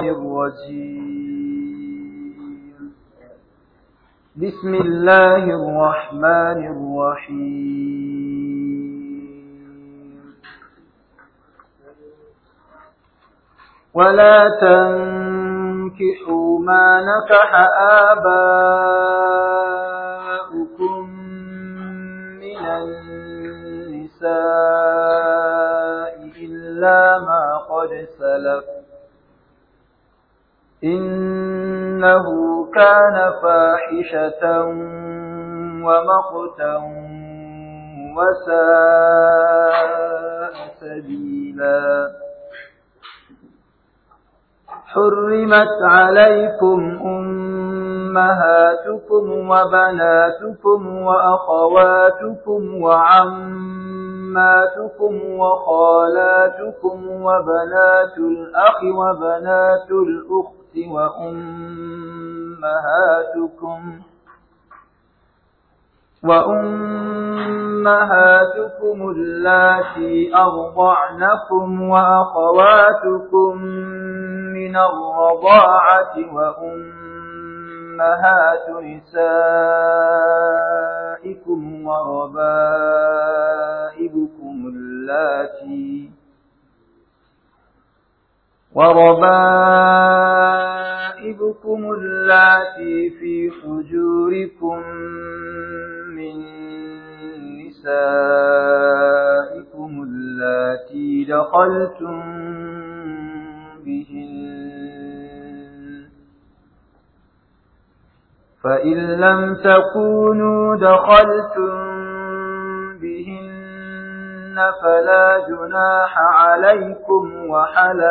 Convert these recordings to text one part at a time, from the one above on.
الرجيم بسم الله الرحمن الرحيم ولا تنكحوا ما نكح آباؤكم من النساء إلا ما قد سلف إنه كان فاحشة ومقتا وساء سبيلا حرمت عليكم أمهاتكم وبناتكم وأخواتكم وعماتكم وخالاتكم وبنات الأخ وبنات الأخت وأمهاتكم وأمهاتكم اللاتي أرضعنكم وأخواتكم من الرضاعة وأمهات نسائكم وربائبكم اللاتي وربائبكم اللاتي في حجوركم من نسائكم اللاتي دخلتم بهن فإن لم تكونوا دخلتم فلا جناح عليكم وحلائل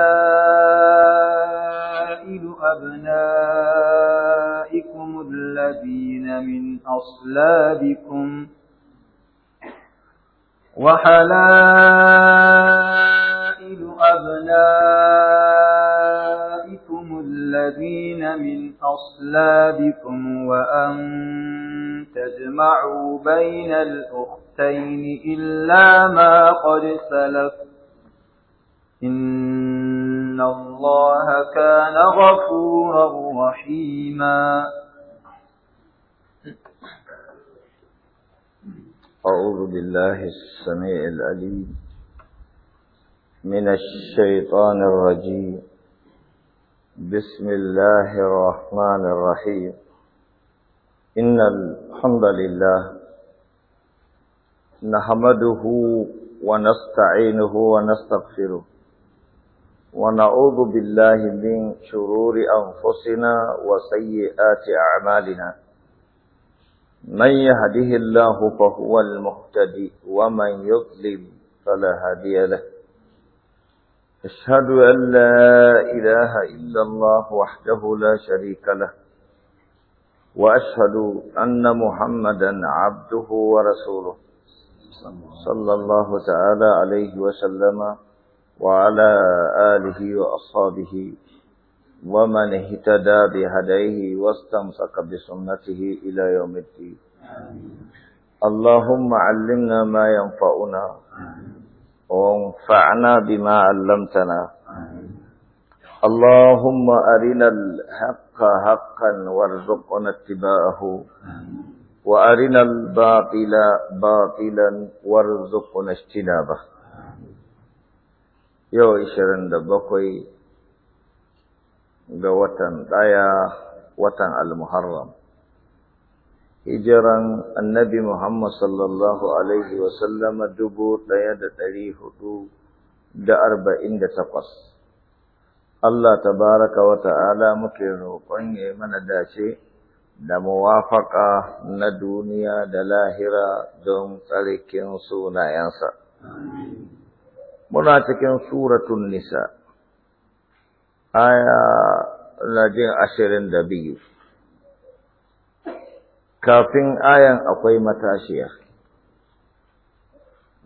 أبنائكم الذين من أصلابكم وحلائل أبنائكم الذين من أصلابكم وأن تجمعوا بين الأخرى الأختين إلا ما قد سلف إن الله كان غفورا رحيما أعوذ بالله السميع العليم من الشيطان الرجيم بسم الله الرحمن الرحيم إن الحمد لله نحمده ونستعينه ونستغفره ونعوذ بالله من شرور أنفسنا وسيئات أعمالنا من يهده الله فهو المهتدي ومن يظلم فلا هادي له أشهد أن لا إله إلا الله وحده لا شريك له وأشهد أن محمدا عبده ورسوله صلى الله تعالى عليه وسلم وعلى آله وأصحابه ومن اهتدى بهديه واستمسك بسنته إلى يوم الدين اللهم علمنا ما ينفعنا وانفعنا بما علمتنا اللهم أرنا الحق حقا وارزقنا اتباعه wa arinal baqila baqilan warzuqna ba. yau da 27 ga watan ɗaya watan al-muharram annabi muhammad sallallahu alaihi wa sallama dubu ɗaya da dari hudu da arba'in da takwas Allah tabaraka wa ta'ala muke roƙon ya mana dace da muwafaka na duniya da lahira don tsarkin sunayensa. Muna cikin suratun nisa, aya na jin ashirin da biyu. Kafin ayan akwai matashiya,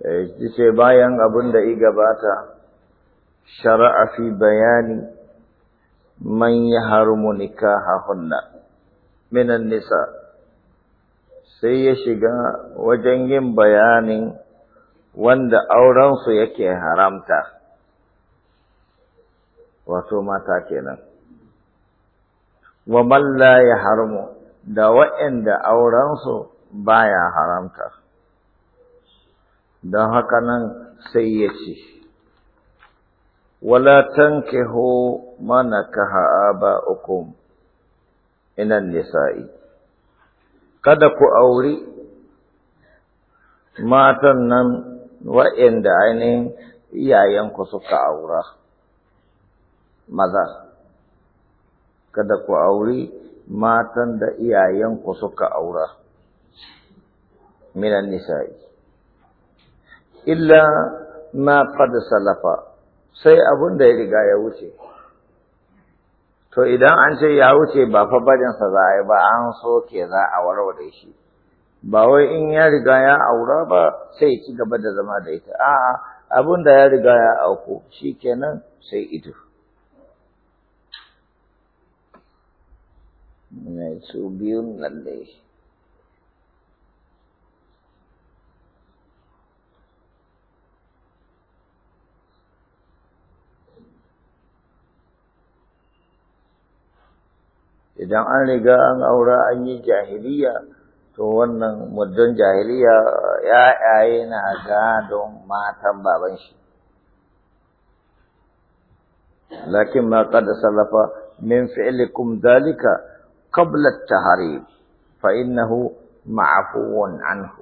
da ce bayan abin da iga gabata, shara'afi bayani man ya harmu minan nisa sai ya shiga wajen yin bayanin wanda aurensu yake haramta wato mata kenan wa malla ya harmu da wa'inda aurensu baya haramta don haka nan sai ya ci. wala tankihu mana kaha ukun. inan nisa'i kada ku auri matan nan wa'inda ainihin iyayenku suka aura maza kada ku auri matan da iyayenku suka aura minan nisa'i illa ma qad salafa sai abin da ya riga ya wuce To idan an ce ya wuce ba fa barinsa za a yi ba an so za a warware shi. Ba wai in ya riga ya aura ba sai ci gaba da zama da ita. A'a abin da ya riga ya auku shi kenan sai ito. Su biyun nan dai. idan an riga an aura an yi jahiliya to wannan muddin jahiliya ya ya'yaye na gadon matan baban shi lakin ma qad salafa min fi'likum dalika qabla at fa innahu ma'fuun anhu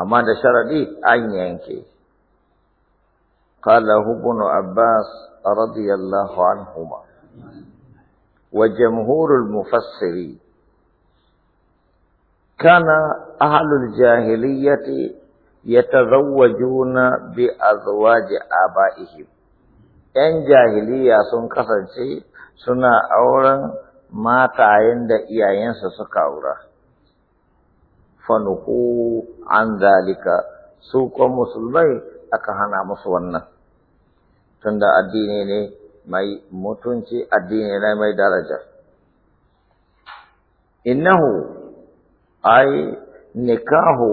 amma da sharadi an yanke قال ابن عباس رضي الله عنهما وجمهور المفسرين كان أهل الجاهلية يتزوجون بأزواج آبائهم ‘yan jahiliya sun kasance suna auren matayen da iyayensa suka aura. Fanuhu an dalika su ko musulmai aka hana musu wannan, tunda addini ne mai mutunci addini na mai daraja innahu ai nikahu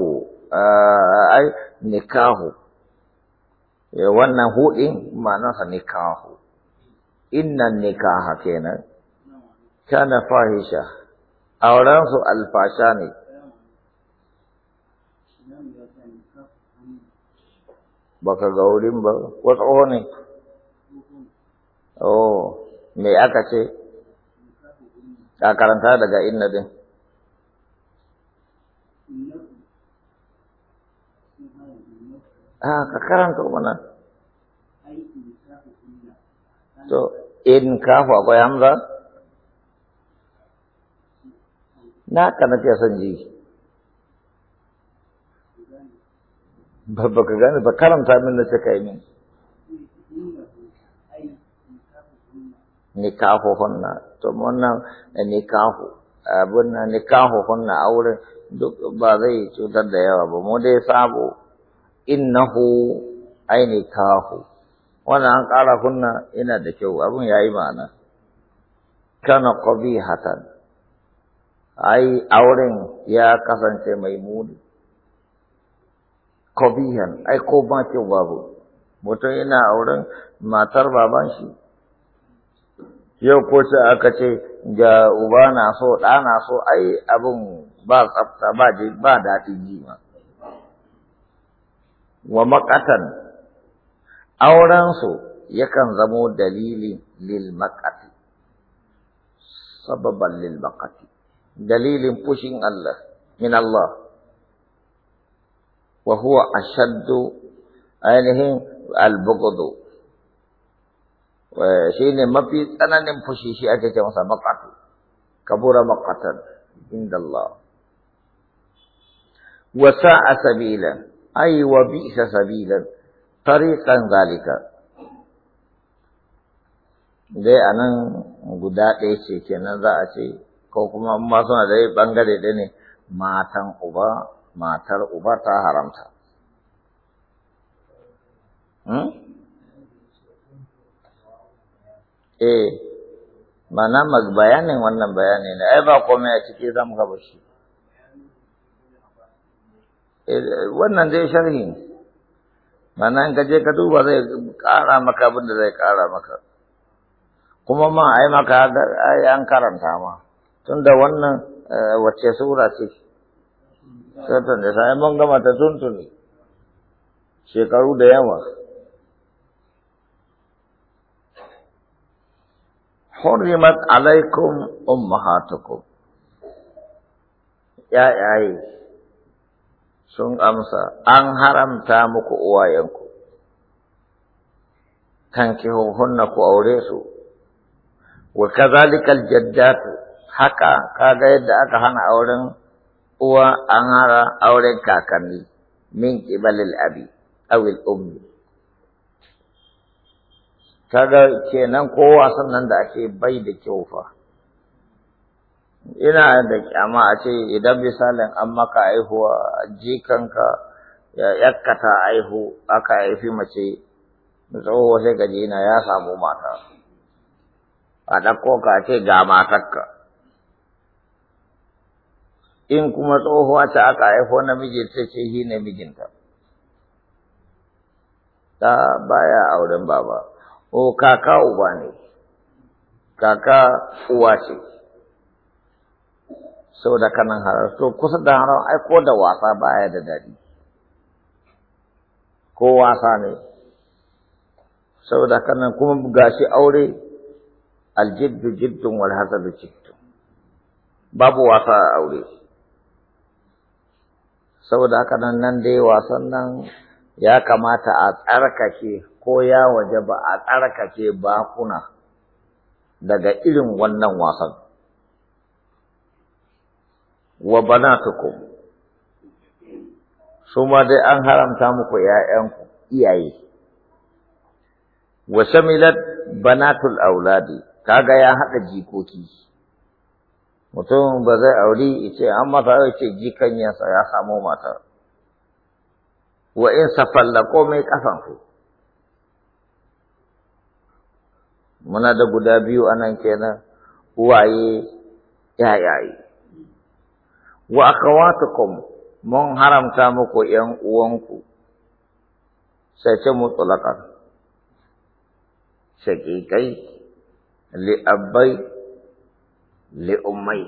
eh, ai nikahu eh, wannan hudin ma'anarsa nikahu innan nikaha kenan kana fahisha aurensu alfasha ne baka ga wurin ba wasu ne Oh, me aka ce? A karanta daga inna din. Ah, ka karanta mana. To, in kafu akwai hamza? Na ka nake san ji. Ba ka gane ba karanta min na ce ka yi min. hunna to wannan nikahu nikahu hunna auren duk ba zai cutar da yawa ba mu dai sabo innahu ai nikahu wannan an ƙara hunna ina da kyau abun yayi ma'ana kana qabihatan ai auren ya kasance mai muni qabihan ai ko ba kyau babu mutum yana auren matar baban shi yau ko ce aka ce ga uba na so ɗa na so ai abin ba tsafta ba daɗin ji ma wa maƙatan aurensu yakan zamo dalili lil maƙati sababan lil maƙati dalilin fushin Allah min Allah wa huwa ashaddu ainihin albugudu. Eh, shi ne mafi tsananin fushi shi ake ce masa maqatu kabura maqatan inda Allah Wasa sabila ay wa bi'sa sabilan tariqan zalika dai anan guda ɗaya ce kenan za ce ko kuma ma suna da bangare ɗaya ne matan uba matar uba ta haramta hmm? eh mana bayanin wannan bayani ne ai ba komai a ciki za mu gaba shi eh, wannan zai sharhi mana in ka ka duba zai kara maka abin da zai kara maka kuma ma ai maka ai an karanta ma tunda wannan eh, wacce sura ce sai ta nisa ai mun gama ta tuntuni shekaru da yawa حرمت عليكم أمهاتكم يا أي sun amsa an haramta muku Kan uwayenku na ku aure su wa kadhalikal jaddat haka kaga yadda aka hana auren uwa an hara auren kakanni min qibalil abi awil ummi kaga kenan ko wasan nan da ake bai da kyau fa ina da kyama a ce idan misalin an maka aihuwa jikanka ya yakkata aihu aka haifi mace tsoho sai ka na ya samu mata a ɗakko ka ce ga matakka in kuma tsohuwa ta aka haifo namiji ta ce shi namijinta ta baya auren baba o kaka uba ne kaka uwa ce da kanan harar to kusa da harar aiko ko da wasa baya da dadi, ko wasa ne Sau da kanan kuma gashi aure aljiddu jiddun wal hasadu jiddun babu wasa a aure sau haka nan nan dai wasan nan ya kamata a tsarkake ko ya waje ba a tsarkake bakuna daga irin wannan wasan. Wa banatukum su ma dai an haramta muku ‘ya'yanku iyaye, wa shamilat banatul auladi, kaga ya haɗa jikoki. Mutum ba zai auri ce an masa ya ce jikan ya samu mata, wa in safalla komai muna da guda biyu a nan kenan uwaye yayaye wa akhawatukum mun haramta muku yan uwanku sai ce sai kai li abai li ummai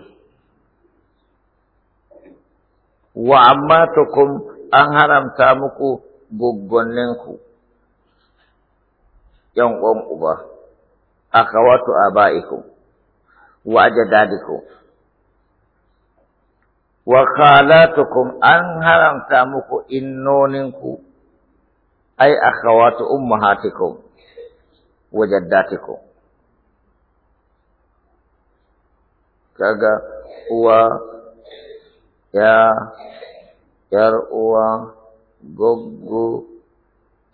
wa ammatukum an haramta muku goggoninku yan uwan uba akhawatu abaikum wa ajdadikum wa khalatukum an haramta muku innoninku ay akhawatu ummahatikum wa jaddatikum kaga uwa ya yar uwa goggo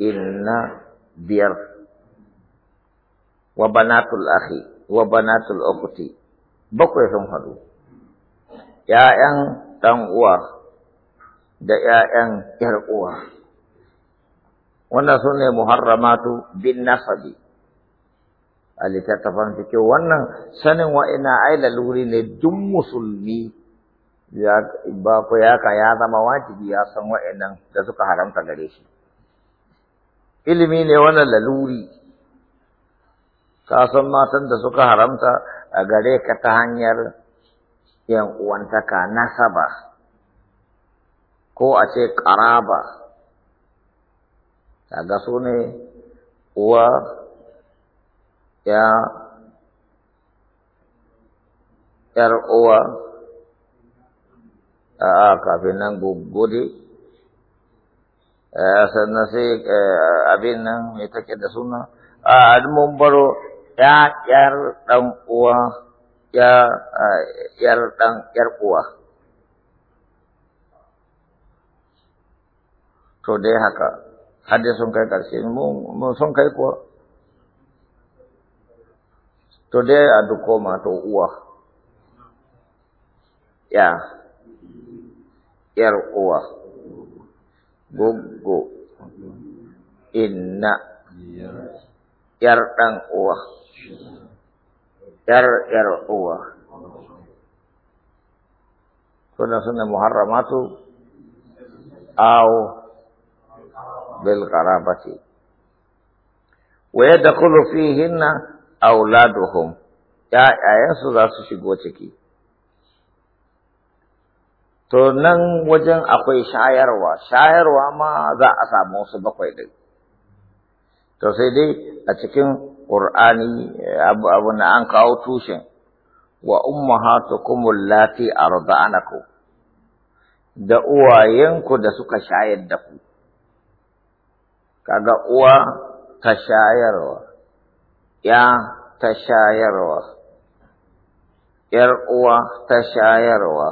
inna biyar wa banatul akhi wa banatul ukhti bakwai sun haɗu ƴaƴan ɗan uwa da ya'yan yar uwa wannan sune muharramatu bin nasabi ta littattafan fiƙe wannan sanin ina ai luri ne duk musulmi ba ya yaka ya zama wajibi ya san wa'inan da suka haramta gare shi ilimi ne wannan laluri ka san matan da suka haramta a gare ka ta hanyar yan uwantaka nasaba ko a ce ƙaraba ga su ne uwa ya ‘yar uwa a kafin nan gugude eh, sannan sai eh, abin nan mai take da suna a ah, mun baro ‘ya'yar ɗan uwa, ‘ya'yar ɗan ‘yar uwa. To dai haka, har dai sun kai ƙarshe, mun sun kai kuwa. To dai a duk koma to uwa, ‘ya, ‘yar uwa, goggo, eh, inna, ‘yar ɗan uwa. yar yar uwa kuna sunnah muharramatu au bil karabati wa yadkhulu fihinna auladuhum ayasu za su shigo ciki to nan wajen akwai shayarwa shayarwa ma za a samu wasu bakwai din to sai dai a cikin ƙur'ani abu abu na an kawo tushen wa ummahatukum allati arda'anakum da uwayenku da suka shayar da ku kaga uwa ta shayarwa ya ta shayarwa ‘yar uwa ta shayarwa,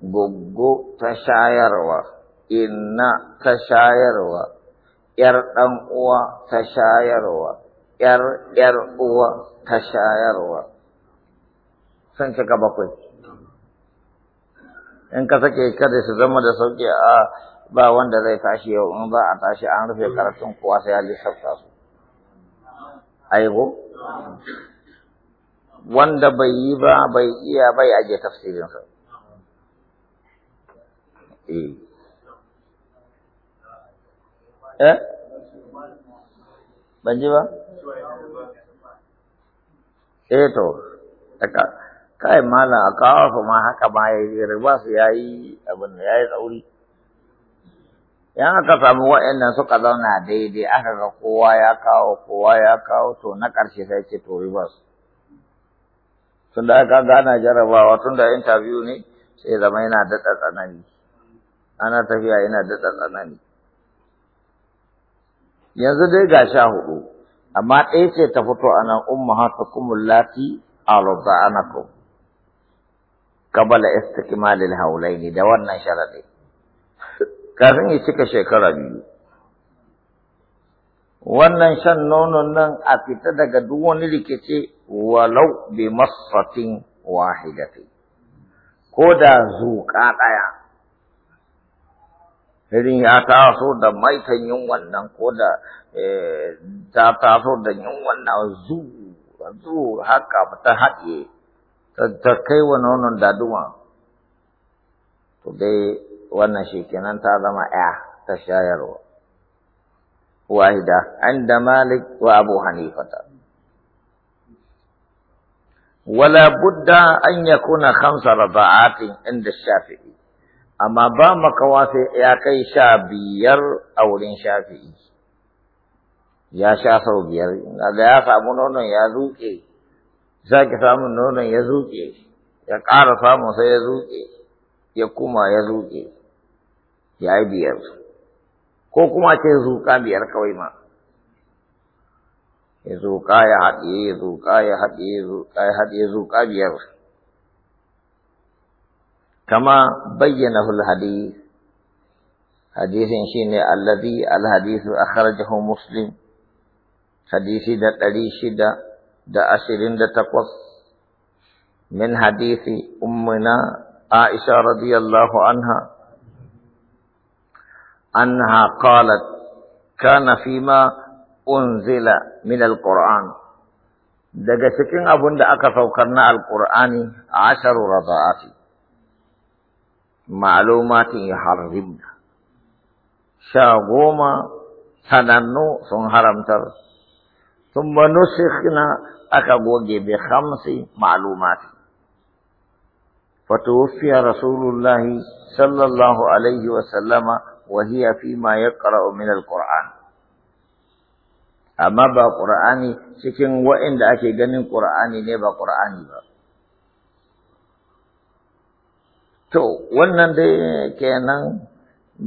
Gugu ta shayarwa, inna ta shayarwa, ‘yar ɗan uwa ta shayarwa, ‘yar ‘yar uwa ta shayarwa. Sun cika bakwai. In ka sake kada su zama da sauki a ba wanda zai tashi yau in ba a tashi an rufe karatun kowa sai ya lissafta su. Aiko. Wanda bai yi ba bai iya bai ajiye tafsirinsa. Eh. eh? Ban ji ba? eh to kai mala a kawafa ma haka ma ya yi riba su ya abin da ya tsauri yan aka samu wa'annan suka zauna daidai aka ga kowa ya kawo kowa ya kawo to na ƙarshe sai ce to riba su tun da aka gana jarabawa tun da interview ne sai zama yana daɗa tsanani ana tafiya yana daɗa tsanani yanzu dai ga sha hudu amma ɗaya ce ta fito a nan ummahatukumul lati kabala qabala istiqmalil haulaini da wannan sharaɗe kafin ya cika shekara biyu wannan shan nonon nan a fita daga duk wani rikici walau bi masfatin wahidati ko da zuƙa ɗaya irin ya taso da maikan yunwan nan ko da eh, ta taso da yunwan nan zu zu haka ta haɗe ta kai wa nonon daduwa to dai wannan shi ta zama ya ta shayarwa wahida da malik wa abu hanifata wala budda an kuna khamsa rada'atin inda shafi'i amma ba makawa sai ya kai sha biyar a wurin shafi'i ya sha sau biyar daga ya samu nonon ya zuke sake samun nonon ya zuke ya ƙara samun sai ya zuke ya kuma ya zuke ya yi biyar ko kuma ce zuƙa biyar kawai ma ya zuƙa ya haɗe ya zuƙa ya haɗiye ya zuƙa ya haɗiye zuƙa biyar كما بينه الحديث حديث شيني الذي الحديث أخرجه مسلم حديث دا تريش دا دا أشرين دا تقص من حديث أمنا عائشة رضي الله عنها أنها قالت كان فيما أنزل من القرآن دا cikin أبن دا أكفو saukar na alƙur'ani ma'lumatin yuharrimna sha goma sanannu sun haramtar thumma nusikhna aka goge bi khamsi ma'lumati فتوفي رسول الله صلى الله عليه وسلم وهي فيما يقرأ من القرآن amma ba ƙur'ani cikin wa'inda ake ganin ƙur'ani ne ba ƙur'ani ba To, wannan dai kenan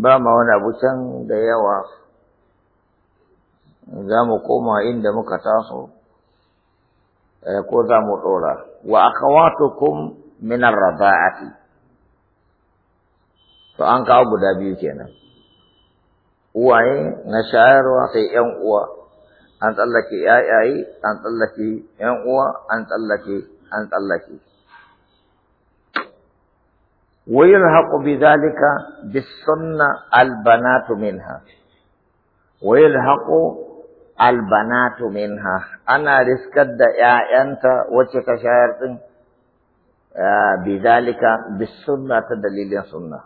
ba ma wani abu can da yawa za mu koma inda muka taso, eh, ko za mu ɗora. Wa akawatukum minar rada'ati. To, an kawo guda biyu kenan. Uwaye na shayarwa sai ‘yan uwa, an tsallake ‘ya'yayi, an tsallake ‘yan uwa, an tsallake, an tsallake. ويلحق بذلك بالسنة البنات منها ويلحق البنات منها أنا رسكت يا أنت وتكشارت آه، بذلك بالسنة تدليل السنة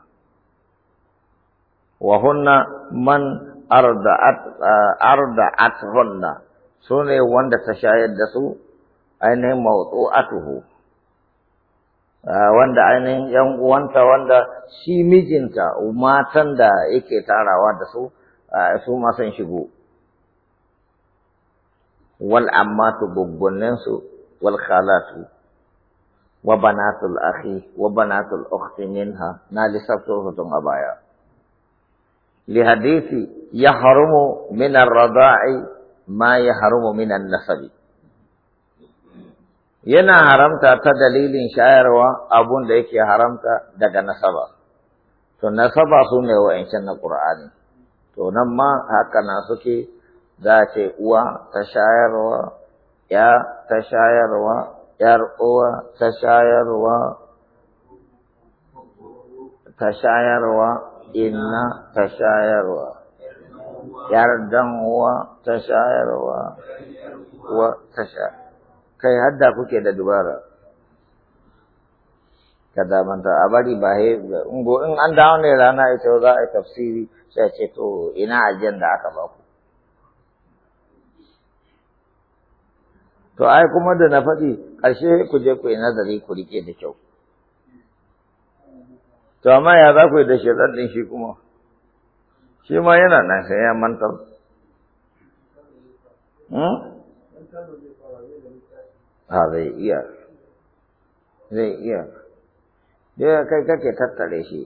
وهن من أرضعت آه، أرضعتهن سنة وند تشاهد دسو أين موضوعته Ah, wanda ainihin ‘yan uwanta wanda shi mijinta matan da yake tarawa da su ah, su masan shigo. Wal ammatu su wal khalatu wa banatul akhi wa banatul ukhti minha na lissafto hutun a baya. Li hadisi ya harumu minan rada'i ma ya harumu minan nasabi. yana haramta ta dalilin shayarwa abun da yake haramta daga nasaba to nasaba su ne wa'ancan na ƙur'ani to nan ma haka na suke za a ce uwa ta shayarwa ya ta shayarwa ‘yar uwa ta shayarwa ta shayarwa inna ta shayarwa ‘yar dan uwa ta shayarwa uwa ta shayarwa kai hadda kuke da dubara kada manta a bari ba he ungo in an dawo ne rana ita za a tafsiri sai ce to ina ajiyar da aka ba ku to ai kuma da na faɗi ƙarshe ku je ku yi nazari ku rike da kyau to amma ya za ku yi da shaitan ɗin shi kuma shi ma yana nan sai ya mantar hmm? a zai iya zai iya da kai tattare shi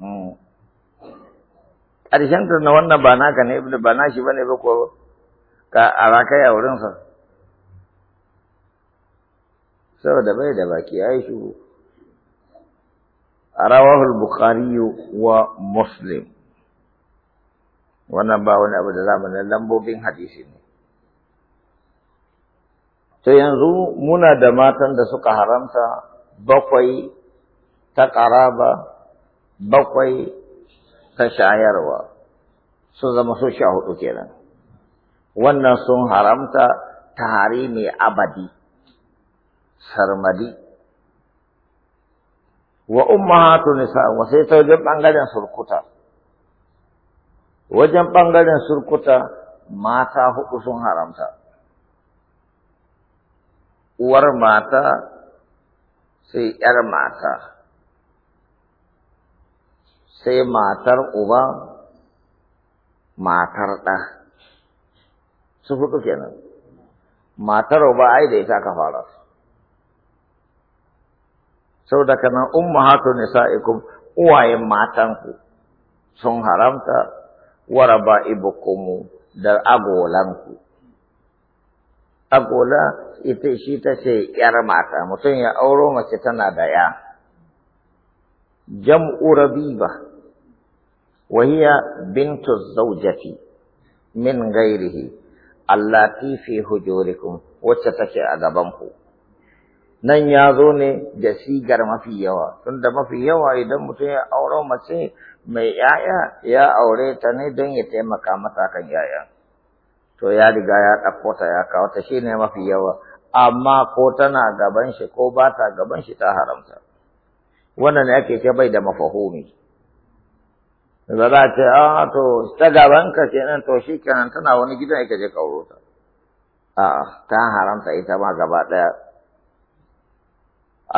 hmm. na wannan ba naka ne ba ba ka a saboda bai da baki ya yi wannan ba wani abu da zamanin lambobin hadisi ne To yanzu muna da matan da suka haramta bakwai ta ƙaraba, bakwai ta shayarwa, sun zama su sha hudu kenan. Wannan sun haramta ta hari mai abadi, sarmadi. Wa ummahatu nisa wa sai ta wajen bangaren surkuta. Wajen bangaren surkuta mata hudu sun haramta. uwar mata sai ‘yar mata, sai matar uba, matar ɗa, su kenan. Matar uba ai da ita aka fara. Sau da kanan umma hatu nisa'ikum uwaye matanku sun haramta waraba ibukumu da agolanku. agola ita shi ta ce ‘yar mata, mutum ya auro mace tana da ‘ya. Jam'u rabiba, wahiya bintu zaujati min gairihi, allati fi hujurikum wacce take a gabanku. Nan ya zo ne da sigar mafi yawa, tunda mafi yawa idan mutum ya auro mace mai ‘ya'ya ya aure ta ne don ya taimaka mata kan ‘ya'ya. to ya riga ya ɗauko ta ya kawo ta ne mafi yawa amma ko tana gaban shi ko ba ta gaban shi ta haramta wannan ne ake ce bai da mafahumi da za ce a ah, to ta gaban ka nan to shi kenan tana wani gidan ake je kauro ta a'a ta haramta ita ma gaba ɗaya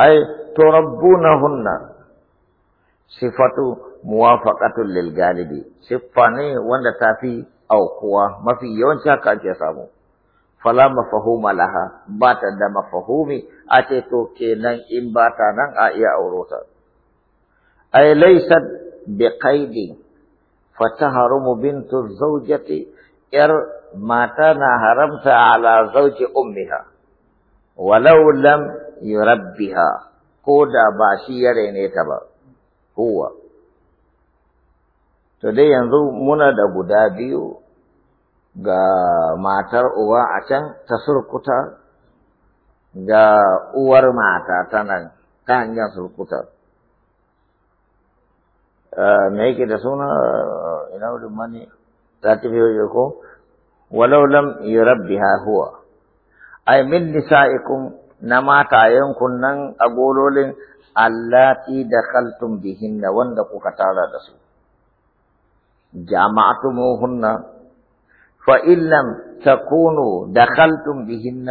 ai to hunna sifatu muwafaqatul lil galibi siffa ne wanda ta fi aukuwa mafi yawanci haka ake samu fala mafahuma laha ba ta da mafahumi a ce to kenan in ba ta nan a iya auro ta ai laysat bi qaidi fa tahrumu bintu zawjati yar mata na haramta ala zawji ummiha walau lam yurabbiha ko da ba shi yare ne ta ba huwa To dai yanzu muna da guda biyu ga matar uwa a can ta surkuta ga uwar mata ta nan ta hanyar surkuta. Eh, me yake da suna eh, ina wuri mani za ta biyo ko? Walau lam yurabbiha huwa. Ai min nisa'ikum na matayenku nan a gololin allati da kaltun bihinna wanda kuka tara da su. جامعتموهن فإن لم تكونوا دخلتم بهن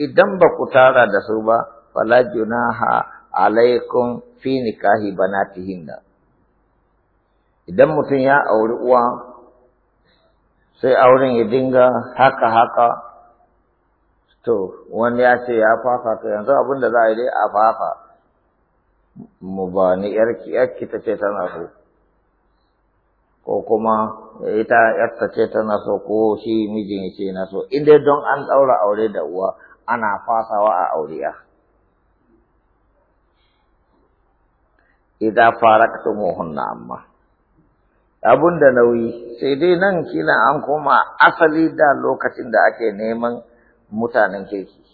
إذن بكتارا دسوبا فلا جناح عليكم في نكاح بناتهن idan mutum ya auri uwa sai auren ya dinga haka haka to wani ya ce ya fafa to yanzu abin da za a yi dai a fafa mu ba ni yarki yarki ta ce tana so ko kuma ita yarta ce tana so ko shi mijin ce na so in dai don an ɗaura aure da uwa ana fasawa a auriya idan hunna amma abun da nauyi sai dai nan kila an koma asali da lokacin da ake neman mutanen kirki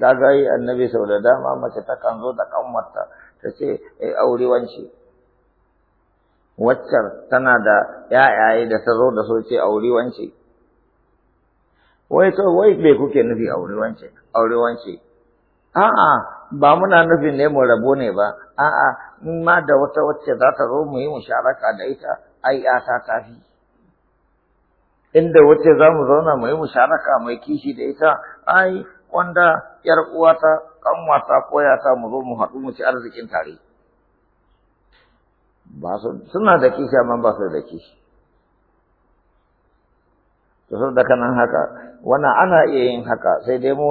ga yi annabi sau da dama mace ta kan zo da kanwarta ta ce ai aure wance waccar tana da ‘ya'yaye da ta zo da su ce auri wance. Wai to, wai me kuke nufi auri wance, auri wance. A'a, ba muna nufin ne mu rabo ne ba, a'a, in ma da wata wacce za ta zo mu yi musharaka da ita, ai ‘yata ta fi. Inda wacce za mu zauna mu yi musharaka mai kishi da ita, ai, wanda ‘yar uwata, ƙanwata, koyata mu zo mu haɗu mu ci arzikin tare. ba suna da kishi amma ba su da kishi to da kanan haka wannan ana iya yin haka sai dai mu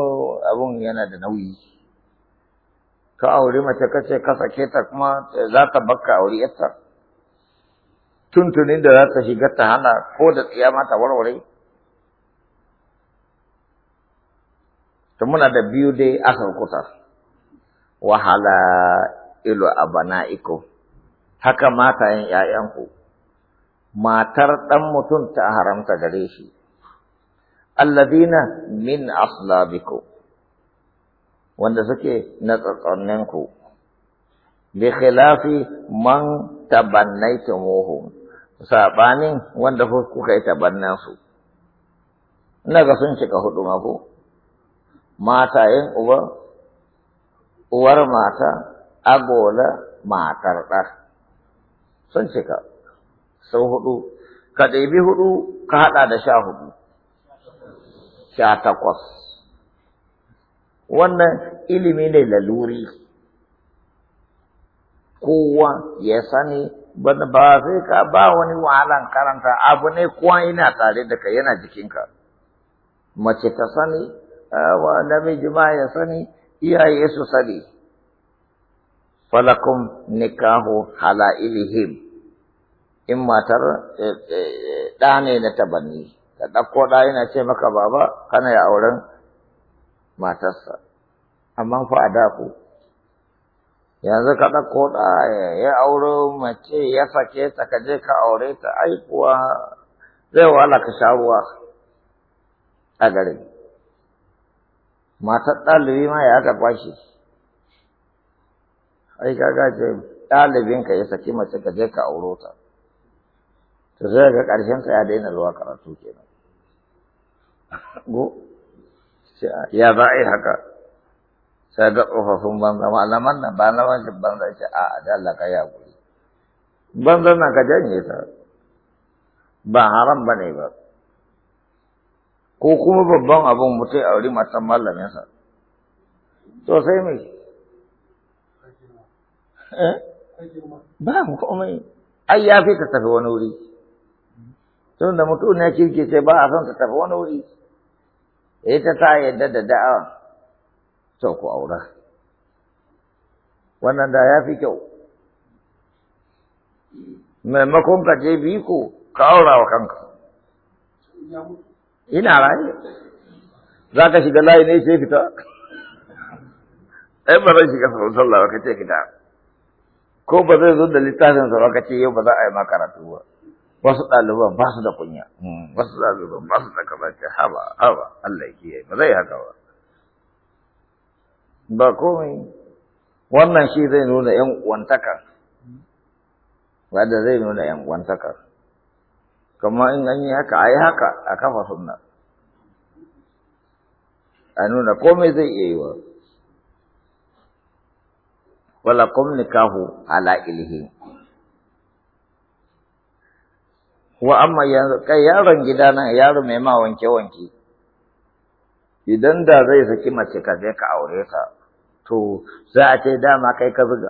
abun yana da nauyi ka aure mace kace ka sake ta kuma za ta bakka aure tun tuntunin da za ta shiga ta hana ko da tsiyama ta warware to muna da biyu dai a kusa wahala ilu iko. haka matayen ‘ya'yanku, matar ɗan mutum ta haramta gare shi, Alladina min aslabiku, wanda suke na tsatsanninku, bi khilafi man tabannaitumuhum sabanin wanda kuka yi tabannansu. Ina ga sun cika hudu mako, matayen uwar mata, agola matar ɗar. sun ka, sau hudu ka ɗebi hudu ka haɗa da sha hudu sha takwas wannan ilimi ne laluri kowa ya sani ba sai ka ba wani wahalan karanta abu ne kowa yana tare da ka yana jikinka mace ta sani wa namiji ma ya sani iyaye su sani falakum nikahu halailihim in matar eh, eh, ɗa ne na tabanni Da ɗauko ɗa yana ce maka baba kana ya auren matarsa amma fa a ku. yanzu ka ɗauko ɗa eh, ya auro mace ya sake ta ka ka aure ta ai kuwa zai wahala ka sha ruwa a gare matar ɗalibi ma ya aka shi. ai kaga ce ɗalibin ka ya saki mace ka je ka auro ta to sai ga ƙarshen ka ya daina zuwa karatu kenan go ya za a yi haka sai ga tsofaffin banza malaman nan ba na wancan banza ce a da Allah ka ya guri banza na ka janye ta ba haram ba ne ba ko kuma babban abun mutum auri matan mallaminsa to sai mai Eh? ba mu komai ai ya fi ka tafi wani wuri tun da mutum na kirki sai ba a son ka tafi wani wuri ita ta yadda da da'a to ku aura wannan da ya fi kyau maimakon ka je ku, ka aura wa kanka ina raye za ka shiga layi ne sai fita ai ba zai shiga sallar sallah ba ka ce ta. ko ba zai zo da littafin sa ba yau ba za a yi ma karatu ba wasu ɗaliban ba su da kunya hmm, wasu ɗaliban ba su da kabace haba haba Allah ya kiyaye ba zai haka ba ba komai wannan shi zai nuna yan uwantaka ba da zai nuna yan uwantaka kuma in an yi haka a yi haka a kafa sunna a nuna komai zai iya yi wa walakum nikahu ala ilhi wa amma yanzu kai yaron gida yaro mai ma wanke wanke idan da zai saki mace ka je ka aure ta to za a ce dama kai ka zuga,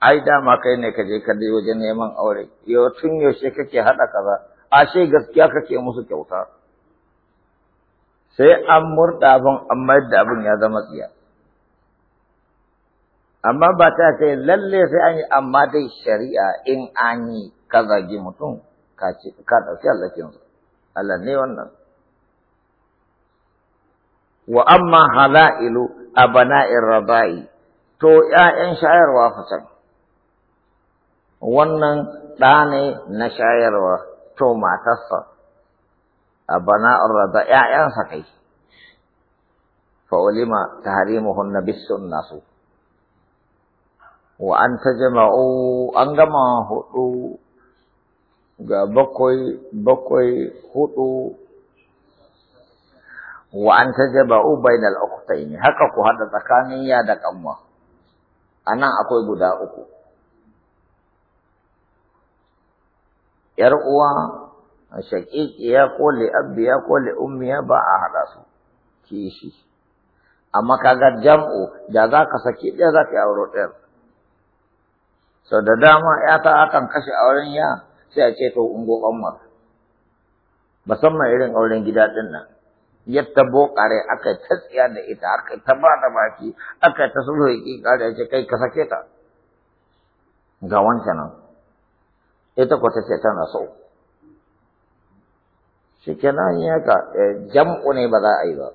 ai dama kai ne ka je ka dai wajen neman aure yau tun yaushe kake haɗa kaza ashe gaskiya kake musu kyauta sai an murɗa abin an mayar da abin ya zama tsiya amma ba ta ce lalle sai an yi amma dai shari'a in an yi ka zagi mutum ka ɗauki allakinsa Allah ne wannan wa amma hala'ilu a bana'in raba'i to ‘ya'yan shayarwa fasan wannan ɗa ne na shayarwa to matarsa a bana'in raba ‘ya'yansa kai fa'ulima ta harimuhun na bisun nasu wa an jama'u an gama hudu ga bakwai bakwai hudu wa an tajma'u bainal ukhtayn haka ku hada tsakanin ya da kanwa anan akwai guda uku yar uwa ya ko li ya ko li ya ba a hada su kishi amma kaga jam'u da zaka saki ɗaya zaka yi auro ɗaya sau da dama ta akan kashe auren ya sai a ce to ungo kanwa musamman irin auren gida din nan yadda bokare aka ta tsiya da ita aka ta ba da baki aka ta sulhu ki kare ce kai ka sake ta ga wancan nan ita ko ce tana so shikenan ya ka eh, jam'u ne ba za a yi ba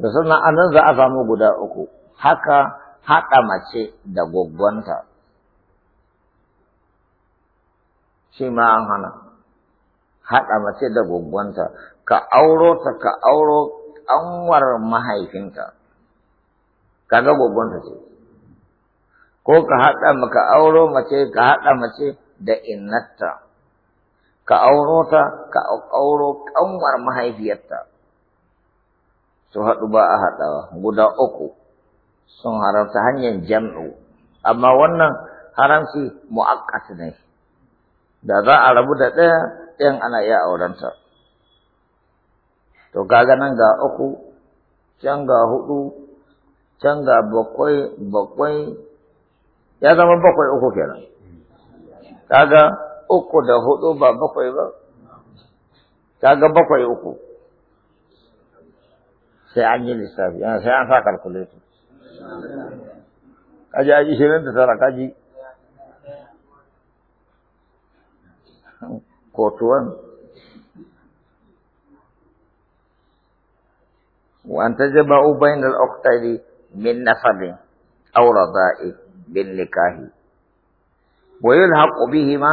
da sannan anan za a samu guda uku haka haɗa mace da gwaggwanta. Shi ma an hana, haɗa mace da gwaggwanta, ka auro ta ka auro ƙanwar mahaifinta, kaga gwaggwanta ce. Ko ka haɗa ka auro mace ka haɗa mace da innatta, ka auro ta ka auro ƙanwar mahaifiyarta. Su haɗu ba a haɗawa guda uku. sun haramta hanyar jam'u amma wannan haramci mu'akkat ne da za a rabu da ɗaya ɗayan ana iya aurenta to kaga nan ga uku can ga hudu can ga bakwai bakwai ya zama bakwai uku kenan kaga uku da hudu ba bakwai ba kaga bakwai uku sai an yi lissafi sai an sa calculator kaji aji shirin ta tara kaji kotuwan wanta jama'u bayan al'oktari min nasabi aurada bin nikahi wayin haƙo bihi ma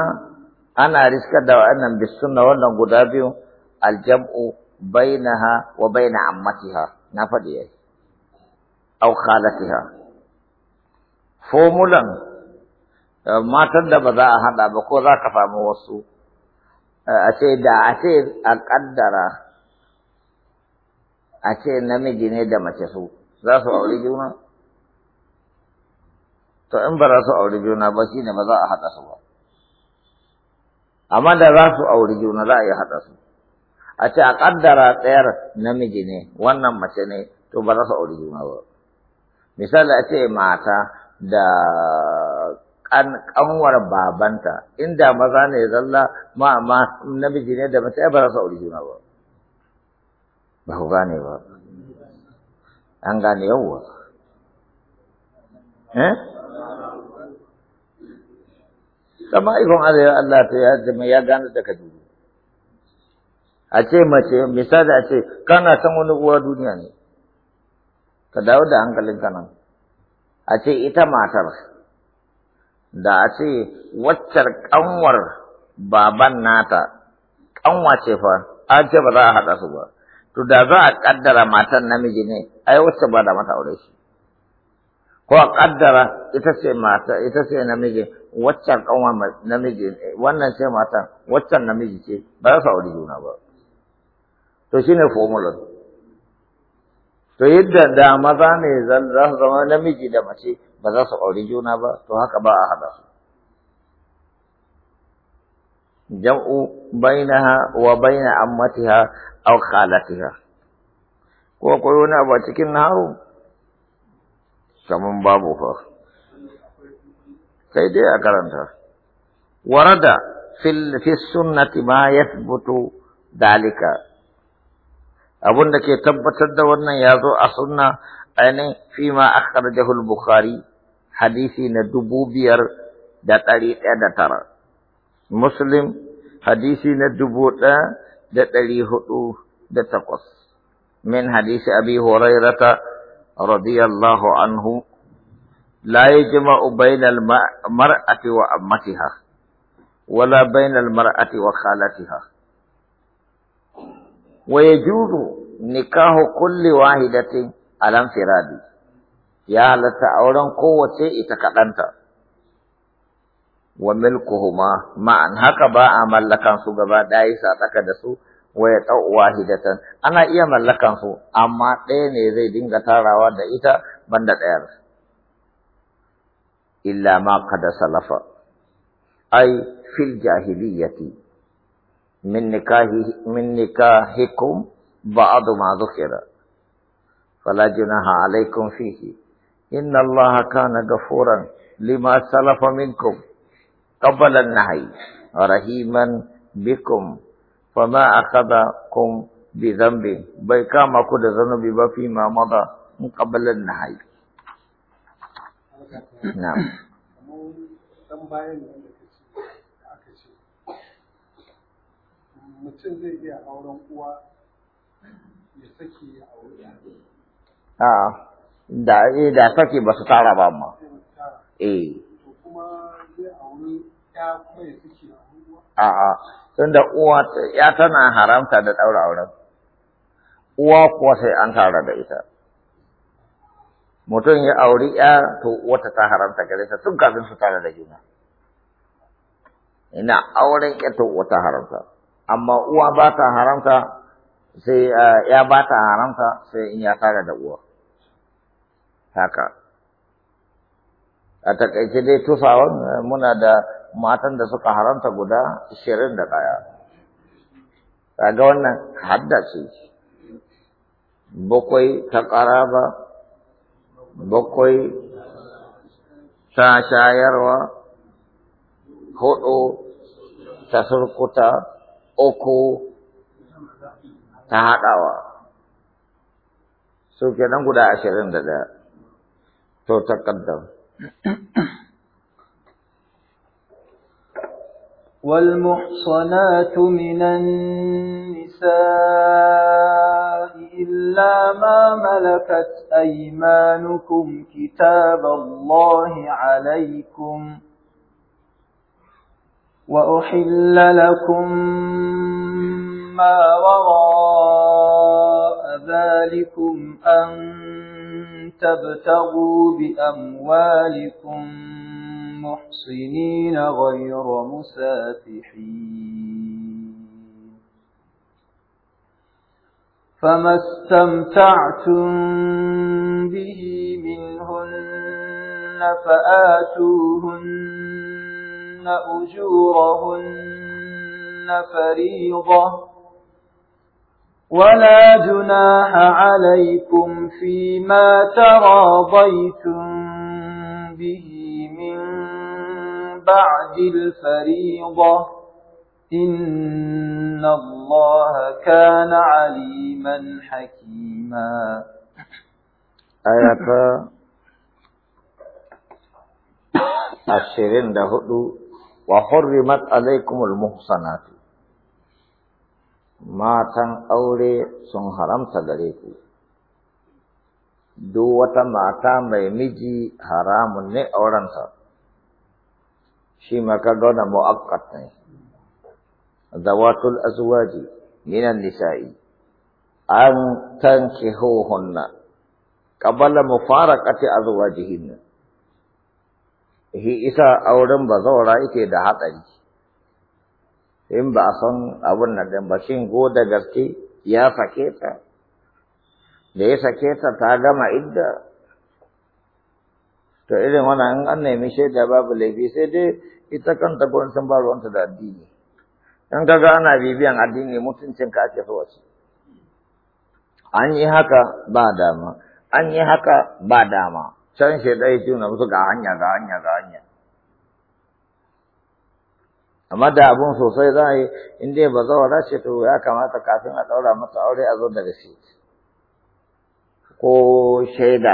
ana riska da wannan bisunna wannan guda biyu aljam'u bainaha wa baina ammatiha na faɗi yayi au khalatiha formulan eh, matan da ba za a hada ba ko za ka samu wasu eh, a ce da a ce a kaddara a ce namiji ne da mace su za su auri juna to in ba za su auri juna ba shine ba za a hada su ba amma da za su auri juna za a yi hada su a ce a kaddara tsayar namiji ne wannan mace ne to ba za su auri juna ba misali a ce mata da kanwar babanta inda maza ne zalla ma ma namiji ne da mace ba za su aure juna ba ba ku gane ba an gane yawwa Sama eh? kama ikon Allah ta ya zama ya gane daga duniya. a ce mace misali a ce kana san wani uwa duniya ne ka dawo da hankalinka nan a ce ita matar da a ce waccar kanwar baban nata kanwa ce fa an ce ba za a haɗa su ba to da za a kaddara matar namiji ne ai wacce ba da mata aure shi ko a ƙaddara ita ce mata ita ce namiji waccan kanwa namiji wannan ce mata waccan namiji ce ba za su aure juna ba to shine formula to yadda da maza ne za su zama namiji da mace ba za su auri juna ba to haka ba a haɗa su jam'u bainaha wa baina ammatiha aw khalatiha ko ko wani ba cikin nahu kaman babu fa sai dai a karanta warada fil fi sunnati ma yathbutu dalika abun da ke tabbatar da wannan ya zo a sunna ainihin fi ma akhrajahu al-bukhari hadisi na dubu biyar da ɗari ɗaya da tara muslim hadisi na dubu ɗaya da ɗari hudu da takwas min hadisi abi hurairata radiyallahu anhu la yajma'u bainal mar'ati wa ammatiha wala bainal mar'ati wa khalatiha Waye juru nikahu kulli wahidatin alam firadi ya halatta auren kowace ita kaɗanta wa milkuhuma ma'an haka ba a mallakan su gaba ɗaya sa tsaka da su wa ya wahidatan ana iya mallakan su amma ɗaya ne zai dinga tarawa da ita banda ɗayar illa ma kada salafa ai fil jahiliyyati من نكاهه من نكاهكم بعض ما ذكر فلا جناح عليكم فيه إن الله كان غفورا لما سلف منكم قبل النهي رحيما بكم فما أخذكم بذنب كما كل ذنب فيما مضى قبل النهي نعم, نعم. mutum zai iya auren uwa ya saki ya a da eh da saki ba su tara ba amma eh to kuma zai auri ya kuma ya saki a a tunda uwa ya tana haramta da daura auren uwa kuwa sai an tara da ita mutum ya auri ya to wata ta haramta gare ta tun kafin su tara da juna ina auren ya to wata haramta amma uwa ba ta haramta sai ya ba ta haramta sai in ya fara da uwa haka a takaice dai tufawan eh, muna da matan da suka haramta guda shirin da ɗaya ga wannan haddace bakwai ta ƙaraba bakwai ta shayarwa hudu ta surkuta uku ta haɗawa su kenan guda ashirin da ɗaya to ta ƙaddam والمحصنات من النساء إلا ما ملكت أيمانكم كتاب الله عليكم وأحل لكم ما وراء ذلكم أن تبتغوا بأموالكم محصنين غير مسافحين فما استمتعتم به منهن فآتوهن أجورهن فريضة ولا جناح عليكم فيما تراضيتم به من بعد الفريضة إن الله كان عليما حكيما آية الشرين ده wa hurrimat alaikumul muhsanatu matan aure sun haramta gare ku duk wata mata mai miji haramun ne aurenta shi maka gona mu'aqqat ne zawatul azwaji minan nisa'i an tankihuhunna qabala mufaraqati azwajihinna shi isa auren bazawara yake da hatsari in ba a san abin nan din ba shin go da gaske ya sake ta da ya sake ta ta gama idda to irin wani in an nemi shaida babu laifi sai dai ita kanta gurin sun ba ruwanta da addini in kaga ana bibiyan addini mutuncin ka ake so an yi haka ba dama an yi haka ba dama can shaidai ya tuna musu ga hanya ga hanya ga hanya amma da abun sosai za a yi in dai ba zawara ce to ya kamata kafin a ɗaura masa aure a zo daga shi ko shaida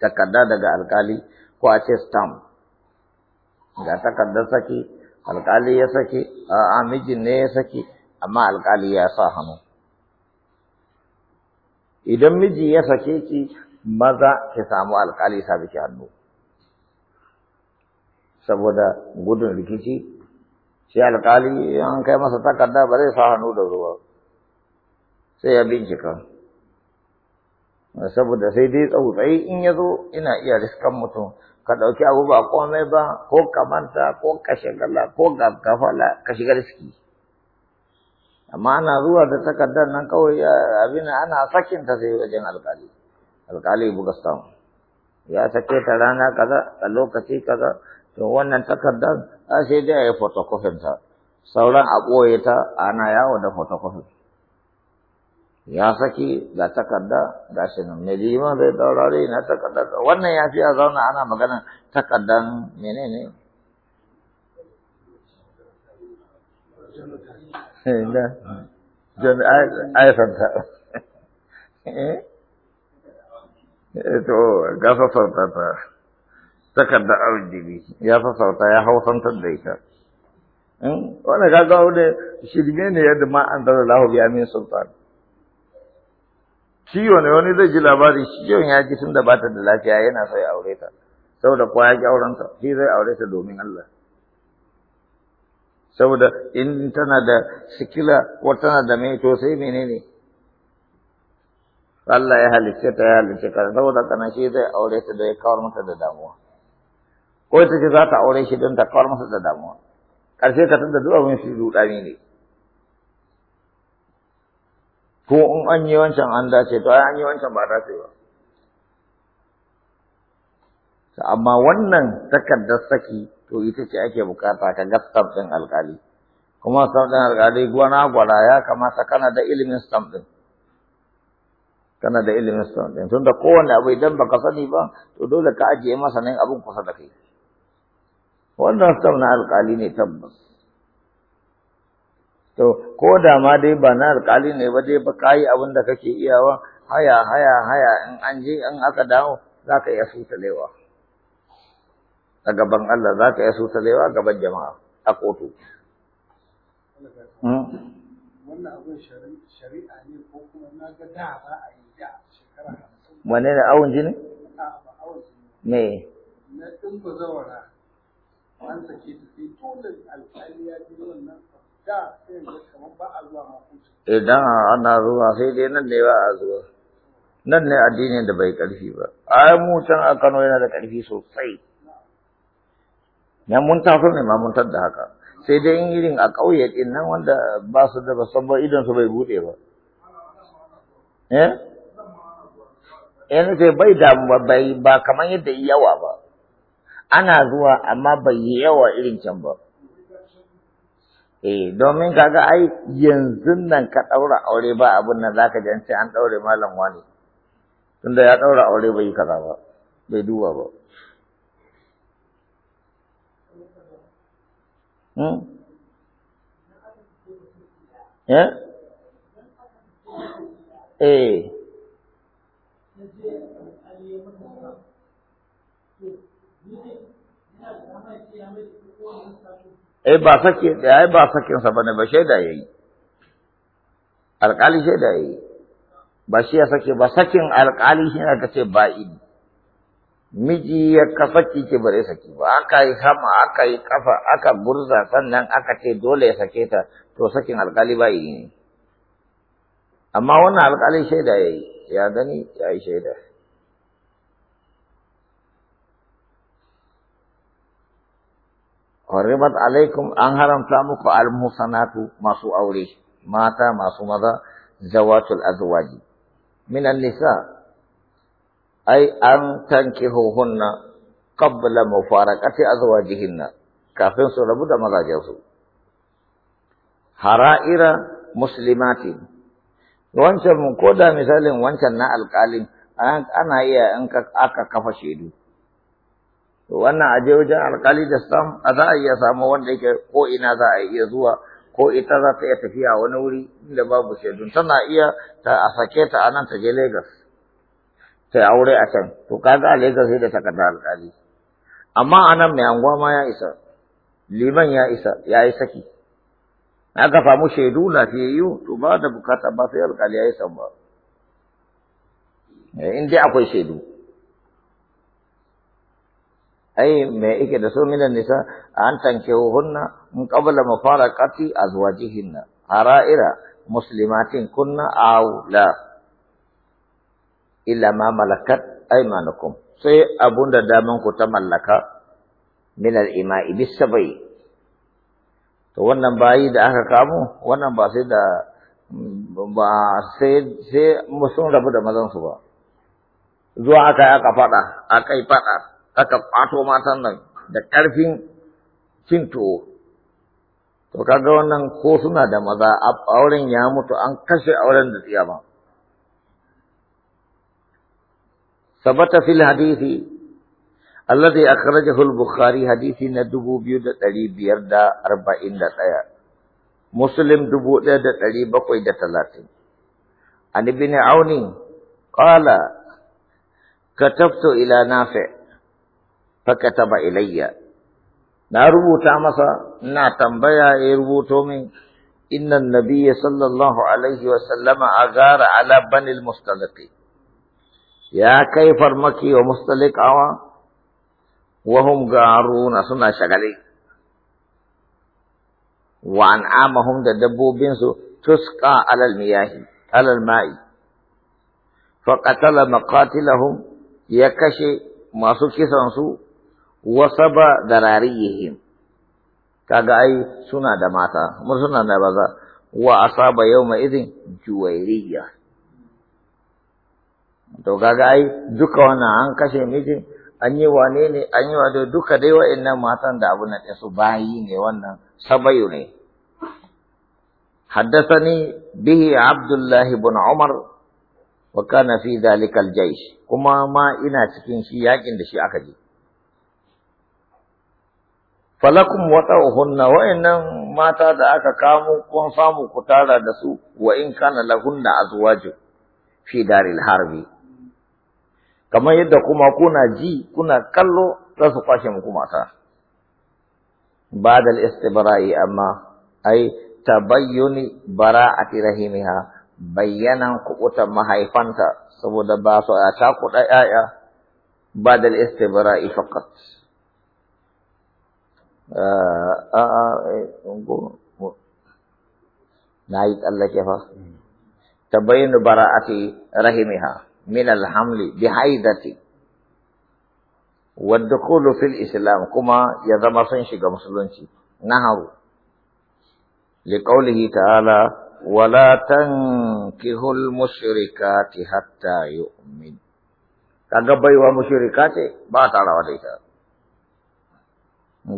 takarda daga alkali ko a ce stam ga takardar saki alkali ya saki a mijin ne ya saki amma alkali ya sa hannu idan miji ya sake ki maza ki samu alƙali sa biki hannu saboda gudun rikici sai alƙali an kai masa takarda ba zai sa hannu da ruwa sai ya bincika saboda sai dai tsautsayi in ya zo ina iya riskan mutum ka ɗauki abu ba komai ba ko kamanta, ko ka ko gafala ka shiga riski amma ana zuwa da takardar nan kawai abin ana sakinta sai wajen alƙali alƙali buga bugastan ya sake ta rana kaza a lokaci kaza to wannan takardar a sai dai a yi photocopy ta sauran a ɓoye ta ana yawo da photocopy ya saki ga takarda ga shi nan mai liman zai daurare na takarda wannan ya fi a zauna ana magana takardan menene da jami'ai aifanta eh Eh, to ga sassauta ta takardar aljibi ya sassauta ya hausantar da ita hmm? wanda ka gawo da shirme ne yadda ma an zara lahu biya min sultan ciwo ne wani zai ji labari ciwon ya ji tunda bata da lafiya yana sai aure ta saboda kuwa ya ki aurenta shi zai aure ta domin Allah saboda in tana da sikila ko tana da mai to sai menene Allah ya halicce ta ya halicce ka saboda kana shi zai aure ta da ya kawar mata da damuwa ko ita ce za ta aure shi don ta kawar masa da damuwa ƙarshe ka tada duk abin shi rudani ne ko in an yi wancan an dace to ai an yi wancan ba dace ba amma wannan takardar saki to ita ce ake bukata ka ga stamp ɗin alƙali kuma stamp ɗin alƙali gwana gwara ya kamata kana da ilimin stamp ɗin kana da ilimin sa din tunda kowanne abu idan baka sani ba to dole ka ajiye masa nan abun kusa da kai wannan sa na alƙali ne tabbas to ko da ma dai ba na alƙali ne ba dai ba ka yi abin da kake iyawa haya haya haya in an je in aka dawo za ka iya sutalewa a gaban Allah za ka iya sutalewa gaban jama'a a kotu. Hmm? Wannan abin shari'a ne ko kuma na ga da ba a yi Wane ne awon jini? Me? Na ɗin an sake ta sai alƙali ya ji wannan da sai ga ba a zuwa Idan ana zuwa sai dai nan ne ba a zuwa. Nan ne addinin da bai ƙarfi ba. Ai mu a Kano yana da ƙarfi sosai. Ya mun taso ne ma mun tadda haka. sai dai in irin a ƙauye ɗin nan wanda ba su da ba idan su bai buɗe ba. Eh? yanzu ce bai damuwa bai ba kamar yadda yawa ba ana zuwa amma bai yi yawa irin can ba eh domin kaga ai yanzu nan ka ɗaura aure ba abun nan zaka ji an ce an ɗaure malam wani tunda ya ɗaura aure bai yi kaza ba bai duba ba hmm? eh, eh. ai ba sake da ai ba sakin sa bane ba shaida yayi alƙali shaida yayi ba shi ya sake ba sakin alƙali shi aka ce ba ba'idi miji ya kafa kike bare saki ba aka yi hama aka yi kafa aka gurza sannan aka ce dole ya sake ta to sakin alƙali ba yi amma wannan alƙali shaida yayi يا بني يا يعيش إله حرمت عليكم أنهرم تامك مكو المحصنات ما سو أولي ماتا ما سو مذا زوات الأزواج من النساء أي أن تنكهوهن قبل مفارقة أزواجهن كافٍ سورة بودا مذا جوزو حرائر مسلمات wancan mu, ko da misalin wancan na alƙalin ana iya in aka kafa shaidu to wannan aje wajen alƙali da sam a za a iya samu wanda yake ko ina za a iya zuwa ko ita za ta iya tafiya wani wuri inda babu shaidu tana iya ta a sake ta a nan ta je Lagos ta aure a can to kaga a Lagos sai da takarda alƙali amma a nan mai anguwa ma ya isa liman ya isa ya yi saki aka samu shaidu lafiyayyu to ba da bukata ba sai alƙali ya yi san ba eh, in dai akwai shaidu ai me yake da su minan nisa an tanke hunna in qabla mafaraqati azwajihinna hara'ira muslimatin kunna aw la illa ma malakat aymanukum sai abunda daman ku ta mallaka min al-ima'i bis-sabai to wannan bayi da aka kamo wannan ba sai da ba sai sai sun rabu da mazansu ba zuwa aka aka faɗa aka yi faɗa aka ƙwato matan nan da ƙarfin cinto, to kaga wannan ko suna da maza auren ya mutu an kashe auren da tsiyama Sabata fil hadisi. الذي أخرجه البخاري حديثنا دبو بيود تلي بيردا أربعين لتايا مسلم دبو دا تلي بقوي دا تلاتين عن ابن عون قال كتبت إلى نافع فكتب إلي ناربو تامسا ناتنبيا إربو تومي إن النبي صلى الله عليه وسلم أغار على بني المستلقي يا كيف farmaki ومستلق mustalik wahum garuna suna shagale wa an'amahum da dabbobinsu tusqa alal miyahi alal ma'i fa qatala maqatilahum ya kashe masu kisansu wa saba darariyihim kaga ai suna da mata mun suna da baza wa asaba yawma idin juwairiyya to kaga ai duka wannan an kashe mijin an yi wane ne an yi wane duka dai wa'annan matan da abu na su bayi ne wannan sabayu ne haddasani bihi Abdullahi bin umar wa kana fi dhalika kuma ma ina cikin shi yakin da shi aka je. falakum wa uhunna wa'in nan mata da aka kamo ko samu kutara da su wa in kana lahunna azwaju fi daril harbi kamar yadda kuma kuna ji kuna kallo za su kwashe muku mata ba da istibra'i amma ai tabayyuni bara'ati rahimiha bayyanan kubutan mahaifanta saboda ba su a kuɗa ‘ya'ya ba da istibra'i fakat na yi tsallake fa hmm. tabayyuni bara'ati rahimiha min alhamli bi haidati wadda fil islam kuma ya zama sun shiga musulunci naharu liƙaulihi ta'ala wala tankihul mushrikati hatta yu'min kaga baiwa mushrika ce ba tarawa da ita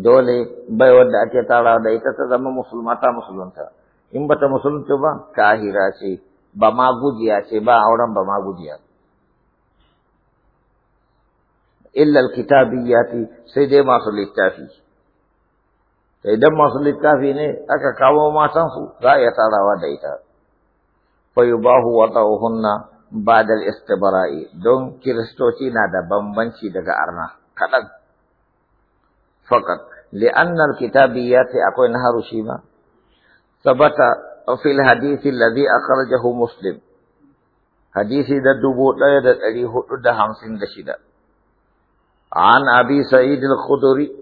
dole baiwa da ake tara da ita ta zama musulmata musulunta in bata musulunta ba kahira ce ba ma gujiya ce ba auren ba ma gujiya إلا الكتابيات سيدي ما صلي التافي سيدي ما صلي التافي ني أكا كاو ما تنفو لا يتارا وديتا فيباه وطوهن بعد الاستبراء دون كريستو تي نادا بمبنشي دقا أرنا كتب فقط لأن الكتابيات أكوين هاروشيما ثبت في الحديث الذي أخرجه مسلم حديث دا دبوت دا, دا, دا, دا, دا, دا عن أبي سعيد الخدري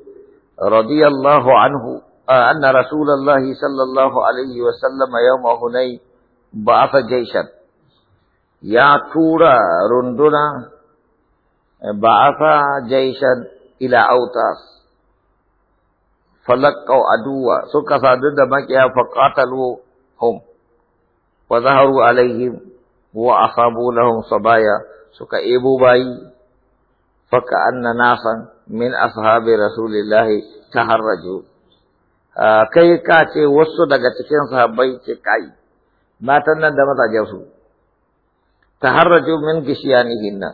رضي الله عنه أن رسول الله صلى الله عليه وسلم يوم هني بعث جيشا يا تورا رندنا بعث جيشا إلى أوتاس فلقوا عدوا سكا صادد مكيا فقاتلوا هم وظهروا عليهم وأصابوا لهم صبايا سكا إبو باي فكأن ناسا من أصحاب رسول الله تهرجوا kai ka ce wasu daga cikin sahabbai ce kai matan nan da mazajen su taharraju min hina,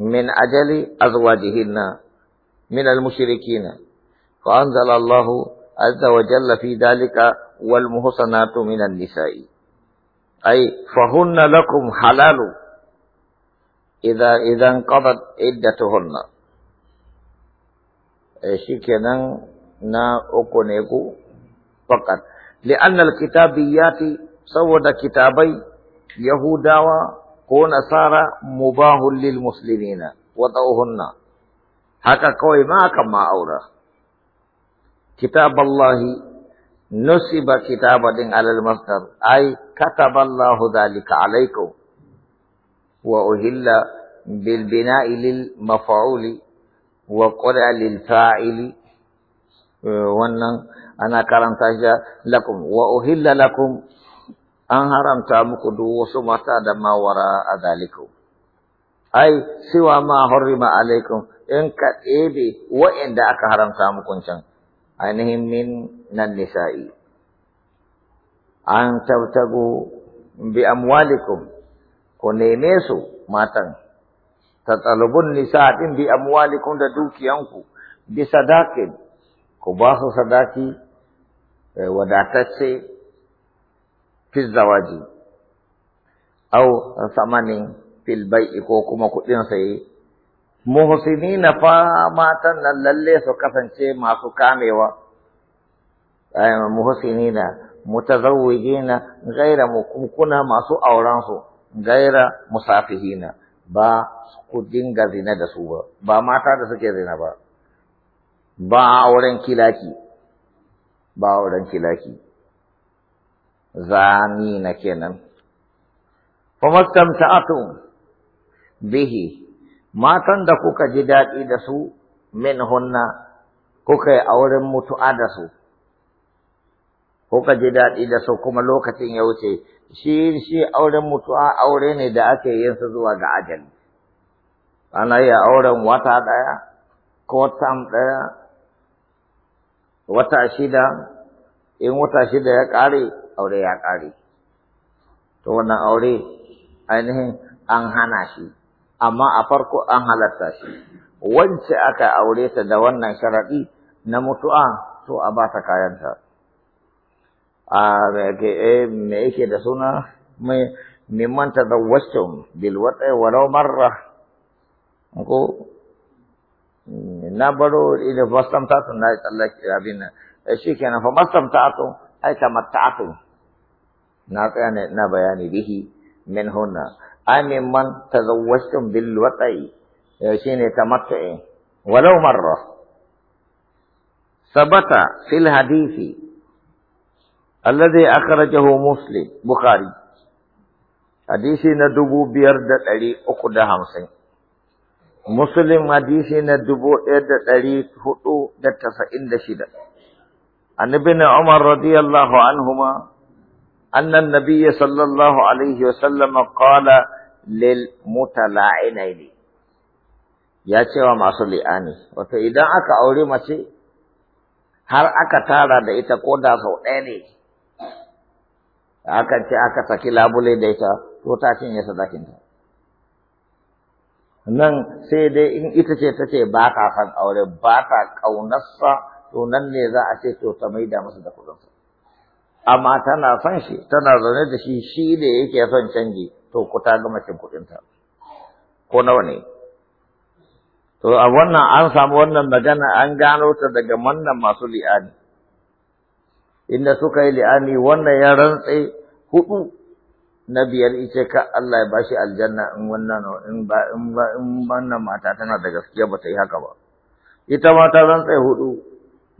min ajali azwajihinna min almushrikina fa anzala Allahu azza wa jalla dalika wal muhsanatu min an-nisa'i Ai fahunna lakum halalu إذا إذا انقضت عدتهن إيه شكنا نا أكونيكو فقط لأن الكتابيات سود كتابي يهودا صار مباه للمسلمين وضعوهن هكا كوي ما كما أورا كتاب الله نسب كتابا على المصدر أي كتب الله ذلك عليكم وأهل بالبناء للمفعول وقرأ للفاعل wannan ana karanta shi lakum wa uhilla lakum an haramta muku duk wasu mata da mawara a dalikum ai siwa ma harrima alaikum in ka ɗebe wa'inda aka haramta muku can ainihin min nan nisa'i an tabtagu bi amwalikum ku neme su matan tatalubun nisa din bi amwalikum da dukiyanku bi sadaqin ku ba su sadaki eh, wadatacce fi zawaji aw samanin fil bai'i ko kuma kuɗin sai muhsinina fa matan nan lalle su kasance masu kamewa muhsinina mutazawwijina gaira mukunna masu auren su gaira musafihina ba ku dinga zina da su ba ba mata da suke zina ba ba auren kilaki ba auren kilaki zani na kenan famastamta'atum bihi matan da kuka ji daɗi da su min hunna kuka yi auren mutu'a da su kuka ji daɗi da su kuma lokacin ya wuce shi shi auren mutuwa aure ne da ake yin sa zuwa ga ajali ana iya auren wata ɗaya ko tam ɗaya wata shida in wata shida ya ƙare aure ya ƙare to wannan aure ainihin an hana shi amma a farko an halarta shi wance aka aure ta da wannan sharaɗi na mutu'a to a ba ta kayanta a eh, me yake da suna mai mimman tazawwastum bil wata walau marra ko na baro ina fastamta tun na tsallake abin nan eh, shi kenan fa mastamta tun ai tamatta'atu na tsaya ne na bayani bihi min hunna ai mimman tazawwastum bil eh, ta mata tamattu'i walau marra sabata fil hadisi alladhi akhrajahu muslim bukari. hadisi na dubu biyar da ɗari uku da hamsin muslim hadisi na dubu ɗaya da ɗari hudu da tasa'in da shida an ibn umar radiyallahu anhuma sallallahu alaihi wa الله عليه وسلم قال ne. ya ce wa masu li'ani wato idan aka aure mace har aka tara da ita ko da sau ɗaya ne aka ce aka saki labule da ita to ta cinye sadakinta nan sai dai in ita ce ta ce ba ka san aure ba ka ƙaunarsa to nan ne za a ce to ta da masa da sa amma tana son shi tana zaune da shi shi ne yake son canji to ku ta gama cin ta ko nawa ne to a wannan an samu wannan magana an gano ta daga wannan masu li'ani inda suka yi li'ani wannan ya rantse hudu na biyar ice ka Allah ya bashi aljanna in wannan in ba in ba in wannan mata tana da gaskiya ba ta yi haka ba ita ma ta rantse hudu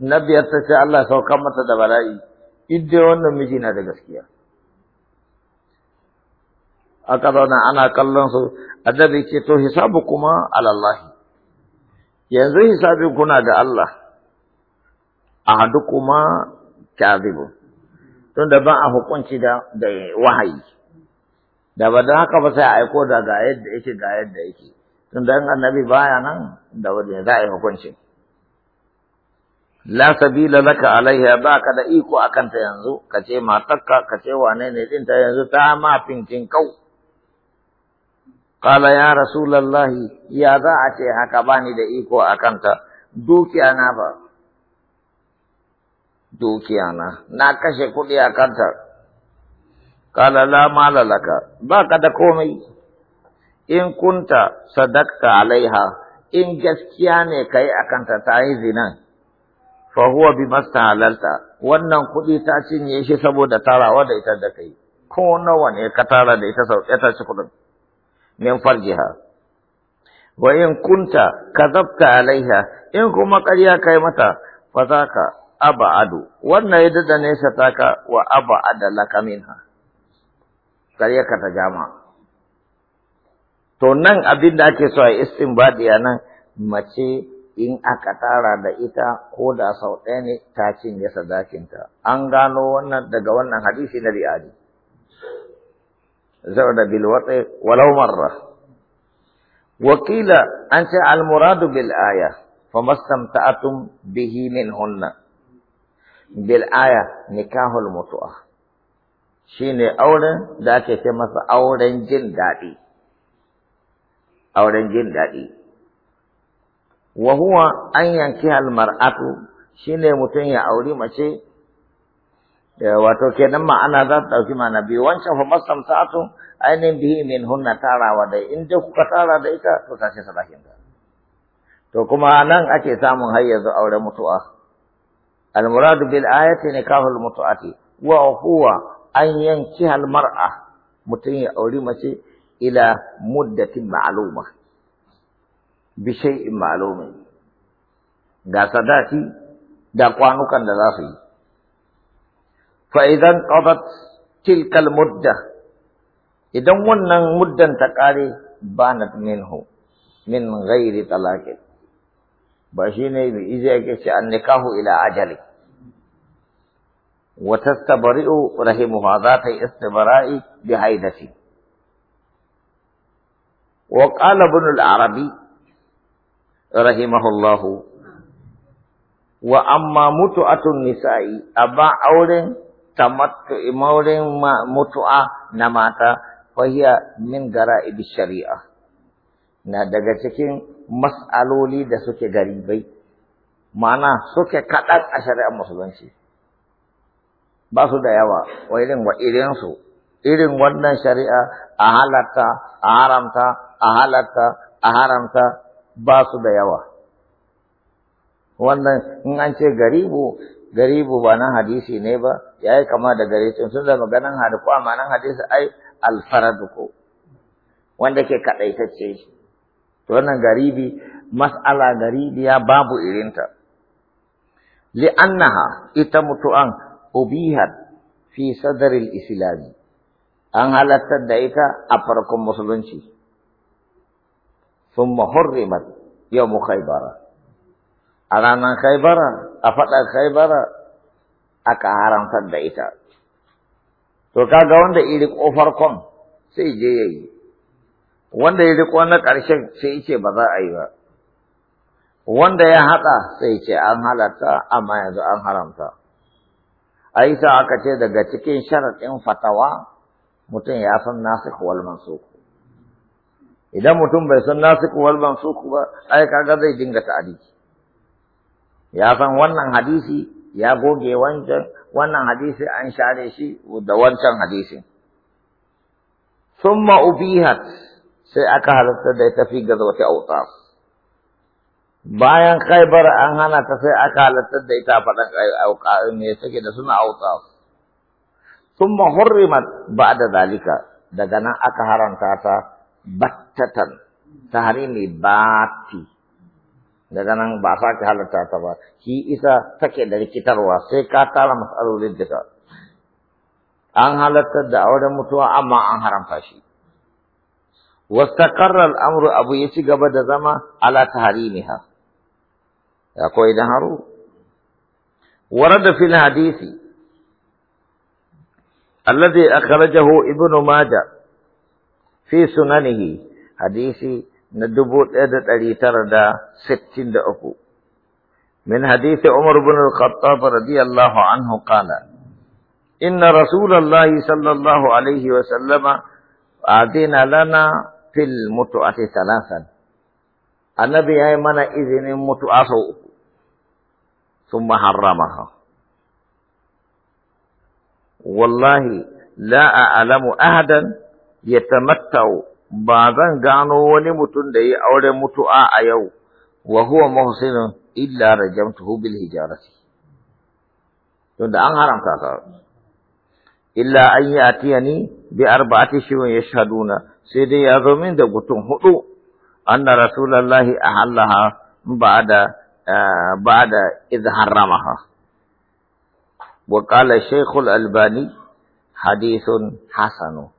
na biyar ta ce Allah sauka mata da bala'i idda wannan miji na da gaskiya aka zauna ana kallon su adabi ce to hisabu kuma alallahi yanzu hisabin kuna da Allah kuma. kazibu tun da ba a hukunci da wahayi da ba don haka ba sai a aiko da ga yadda yake ga yadda yake tun da annabi baya nan da wani za a yi hukunci la sabila laka alaiha ba ka da iko a kanta yanzu ka ce matarka ka ce wane ne din ta yanzu ta ma fintin kau qala ya rasulullahi ya za a ce haka bani da iko a kanta dukiya na ba dukiya na na kashe kuɗi a kanta kala la lalaka. ba ka da komai in kunta sadakta alaiha in gaskiya ne ka yi a kanta ta yi zinan fahuwa bi masta halalta wannan kuɗi ta cinye shi saboda tarawa da ita da kai ko nawa ne ka tara da ita sau ta ci kuɗin min farjiha wa in kunta zafta alaiha in kuma ƙarya kai mata fa ka. Aba'adu, wannan ya dada nesa taka wa ab'ada laka minha kariya ka ta jama to nan abin da ake so a istinbadiya nan mace in aka tara da ita ko da sau ɗaya ne ta cinye sadakinta an gano wannan daga wannan hadisi na ri'adi zau da bilwatsi walau marra wakila an ce almuradu bil aya fa mastamta'atum bihi hunna bil aya nikahul mutu'a shine auren da ake ce masa auren jin daɗi auren jin daɗi wa huwa an yanki mar'atu shine mutum ya auri mace wato kenan ma'ana za ta ɗauki mana biyu wancan fa sa'atu ainihin bihi min hunna tarawa da in dai kuka tara da ita to ce sadakin ta to kuma nan ake samun har yanzu auren mutu'a المراد بالآية نكاح المتعة وهو أن ينكح المرأة متي أوريمس إلى مدة معلومة بشيء معلوم دا صداتي دا قوانوكا لذاتي فإذا انقضت تلك المدة إذا ونن مدة تقالي بانت منه من غير طلاقه ba shi ne bi izi yake ce an nikahu ila ajali wa tastabri'u rahimuha za ta yi istibra'i bi haidati wa qala ibn al-arabi rahimahullahu wa amma mutu'atun nisa'i amma auren tamattu maurin mutu'a na mata fahiya min gara'ibi shari'a na daga cikin mas'aloli da suke gari bai, ma'ana suke kaɗan a shari'ar musulunci ba su da yawa wa irin wa irinsu irin wannan shari'a a halatta a haramta a halatta a haramta ba su da yawa wannan in an ce garibu garibu ba na hadisi ne ba ya yi kama da garicin sun zama ganin hadu ko amma hadisi ai alfaradu ko wanda ke kaɗaitacce shi wannan garibi mas'ala garibi ya babu irinta li'annaha ita mutu'an ubihat fi sadaril islami an halartar da ita a farkon musulunci thumma hurrimat yawmu khaybara a ranar khaybara a faɗa khaybara aka haramtar da ita to kaga wanda iri ƙofar kon sai je yayi wanda ya riko na ƙarshen sai ya ce ba za a yi ba wanda ya haɗa sai ya ce an halarta amma yanzu an haramta A sa aka ce daga cikin sharaɗin fatawa mutum ya san nasikh wal ku. idan mutum bai san nasikh wal ku ba ai kaga zai dinga ta'adiki ya san wannan hadisi ya goge wancan wannan hadisi an share shi da wancan hadisin summa ubihat sai aka halatta da ita fi gazwati autas bayan khaibar an hana ta sai aka halatta da ita faɗan me take da suna autas thumma hurrimat ba'da zalika daga nan aka haranta ta battatan tahrimi bati daga nan ba sa ka halatta ta ba shi isa take da rikitarwa sai ka tara mas'alolin duka an halartar da auren mutuwa amma an haramta shi wastaqarra al-amru abu ya ci gaba da zama ala taharimiha akwai da haru warada fil hadisi alladhi akhrajahu ibnu majah fi sunanihi hadisi na dubu ɗaya da ɗari tara da sittin da uku من حديث عمر بن الخطاب رضي الله عنه قال إن رسول الله صلى الله عليه وسلم أعطينا لنا fil mutu'ati salasan annabi yayi mana izinin mutu'a sau uku thumma harramaha wallahi la a'lamu ahadan yatamatta'u ba zan gano wani mutum da yi auren mutu'a a yau wa huwa muhsinun illa rajamtuhu bil hijarati tunda an haramta ka illa an yatiyani bi arba'ati shurun yashhaduna sai dai ya zo min da gutun hudu anna rasulullahi ahallaha ba'da ba'da idh harramaha wa qala shaykhul albani hadithun hasanu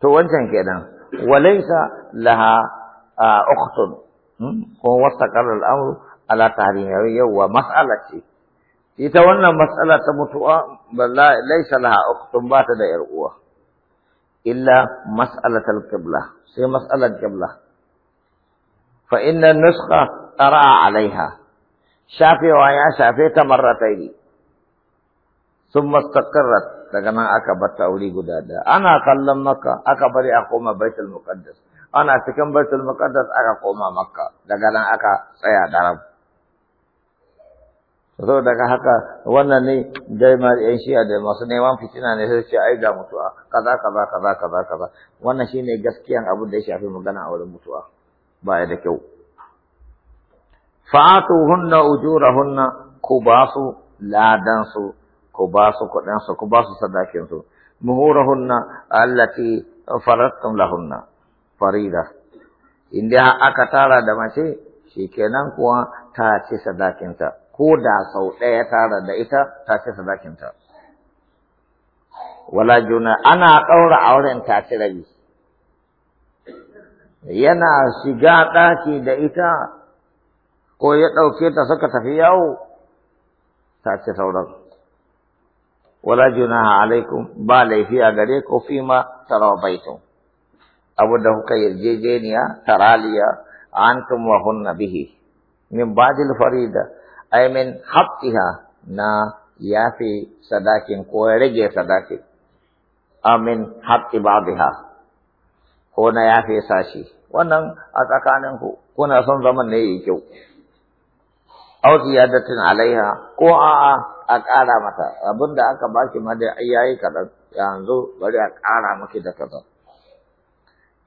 to wancan kenan walaysa laha ukhtun ko wastaqarra al-amru ala tahrimihi wa mas'alati ita wannan mas'ala ta mutuwa ba laisa laha ukhtun ba ta da yar uwa إلا مسألة القبلة في مسألة القبلة فإن النسخة أرى عليها شافي ويا شافي مرتين ثم استقرت تجمع أكبر تأولي قدادة أنا أكلم مكة أكبر أقوم بيت المقدس أنا أتكلم بيت المقدس أقوم مكة تجمع أكبر سيادة رب saboda daga haka wannan ne jaimar yan shi'a da masu neman fitina ne sai ce ai ga mutuwa kaza kaza kaza kaza kaza wannan shine gaskiyan abin da ya shafi magana a wurin mutuwa Ba ya da kyau hunna ujurahunna ku ba su ladan su ku ba su kuɗin su ku ba su sadakin su muhurahunna allati farattum lahunna farida inda aka tara da mace shikenan kuwa ta ci sadakinta ko da sau ɗaya tara da ita ta ce sadakinta. Wala juna ana ɗaura auren ta ci rabi. Yana shiga ɗaki da ita ko ya ɗauke ta suka tafi yawo ta ce sauran. Wala juna alaikum ba laifi a gare ko fima baitun. Abu da kuka yarjejeniya taraliya an wa hunna bihi min ba'dil da. ai min haqqiha na yafi sadakin ko ya rage sadakin amin haqqi ba'dha ko na yafi sashi wannan a tsakanin ku kuna son zaman ne yi kyau ya ziyadatin alaiha ko a'a a ƙara mata abinda aka baki ma dai ayyayi yanzu bari a kara maki da kaza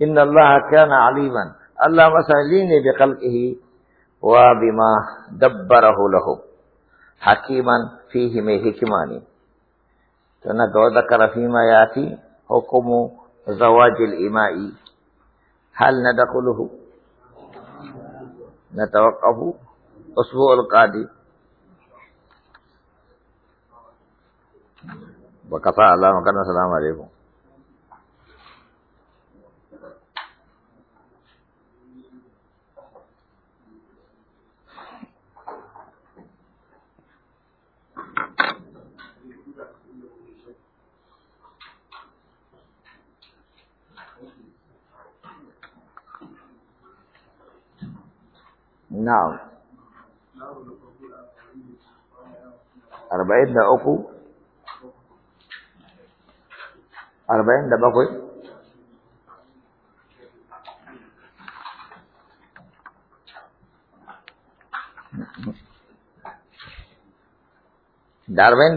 inna allaha kana aliman allah masali ne bi khalqihi وبما دبره له حكيما فيه من حكمان تنك ذكر فيما يأتي حكم زواج الإماء هل ندخله نتوقف أسبوع القادم وقطع الله مكان السلام عليكم na'am arba'in da uku arba'in da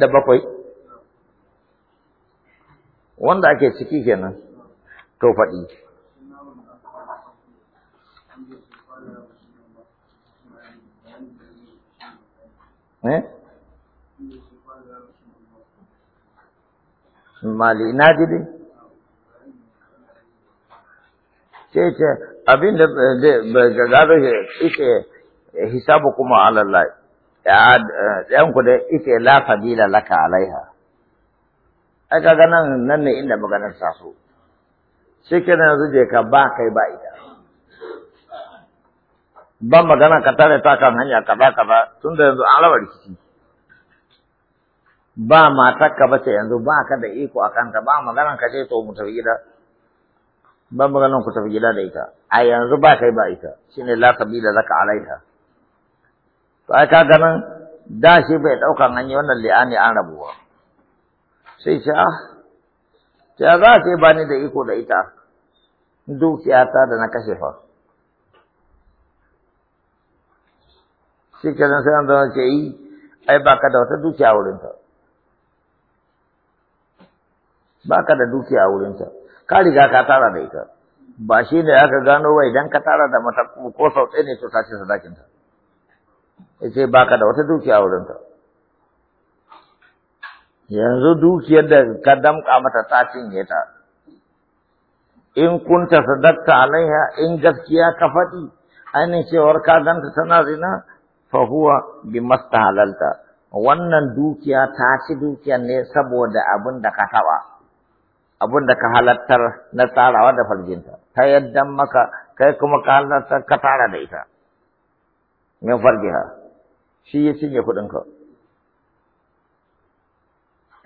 da bakwai wanda ake ciki kenan to faɗi Eh? mali na Ce ce abin da gado ike hisabu kuma alallah ɗayan ku da ike la laka alaiha ai kaga nan nan ne inda maganar taso shi kenan zuje ka ba kai ba ita ban magana ka tare ta kan hanya ka ba tun da yanzu an raba rikici ba matarka ba ce yanzu ba ka da iko a kanta ba maganan ka ce to mu tafi gida ba maganan ku tafi gida da ita a yanzu ba kai ba ita shine la da zaka alaita to ai ka ganin da shi bai daukan hanya wannan li'ani an rabuwa sai ce ah ta za ce ba ni da iko da ita dukiyata da na kashe fa shi kenan sai an zama ce yi ai ba ka da wata dukiya a wurinta ba ka da dukiya a wurinta ka riga ka tara da ita ba shi ne aka gano wai idan ka tara da mata ko sau ɗaya ne to ta ce sadakinta ya ce ba da wata dukiya a wurinta yanzu dukiyar da ka damƙa mata ta cinye ta in kunta sadakta alaiha in gaskiya ka faɗi ainihin cewar ka ganta tana zina fa huwa bimastahalalta wannan dukiya ta ci dukiya ne saboda abin da ka taɓa, abin da ka halattar na tsarawa da farjinta, ta yadda maka kai kuma ka halattar ka tara da ita, min farjiha, shi ya cinye kuɗinka.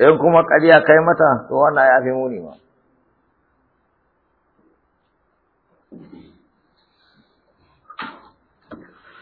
In kuma ƙarya kai mata, to wannan ya fi muni ma.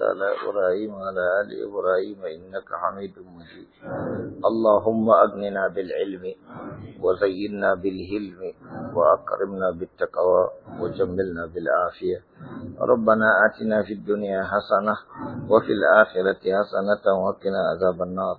باركت على إبراهيم وعلى آل إبراهيم إنك حميد مجيد اللهم أغننا بالعلم وزينا بالهلم وأكرمنا بالتقوى وجملنا بالعافية ربنا آتنا في الدنيا حسنة وفي الآخرة حسنة وقنا عذاب النار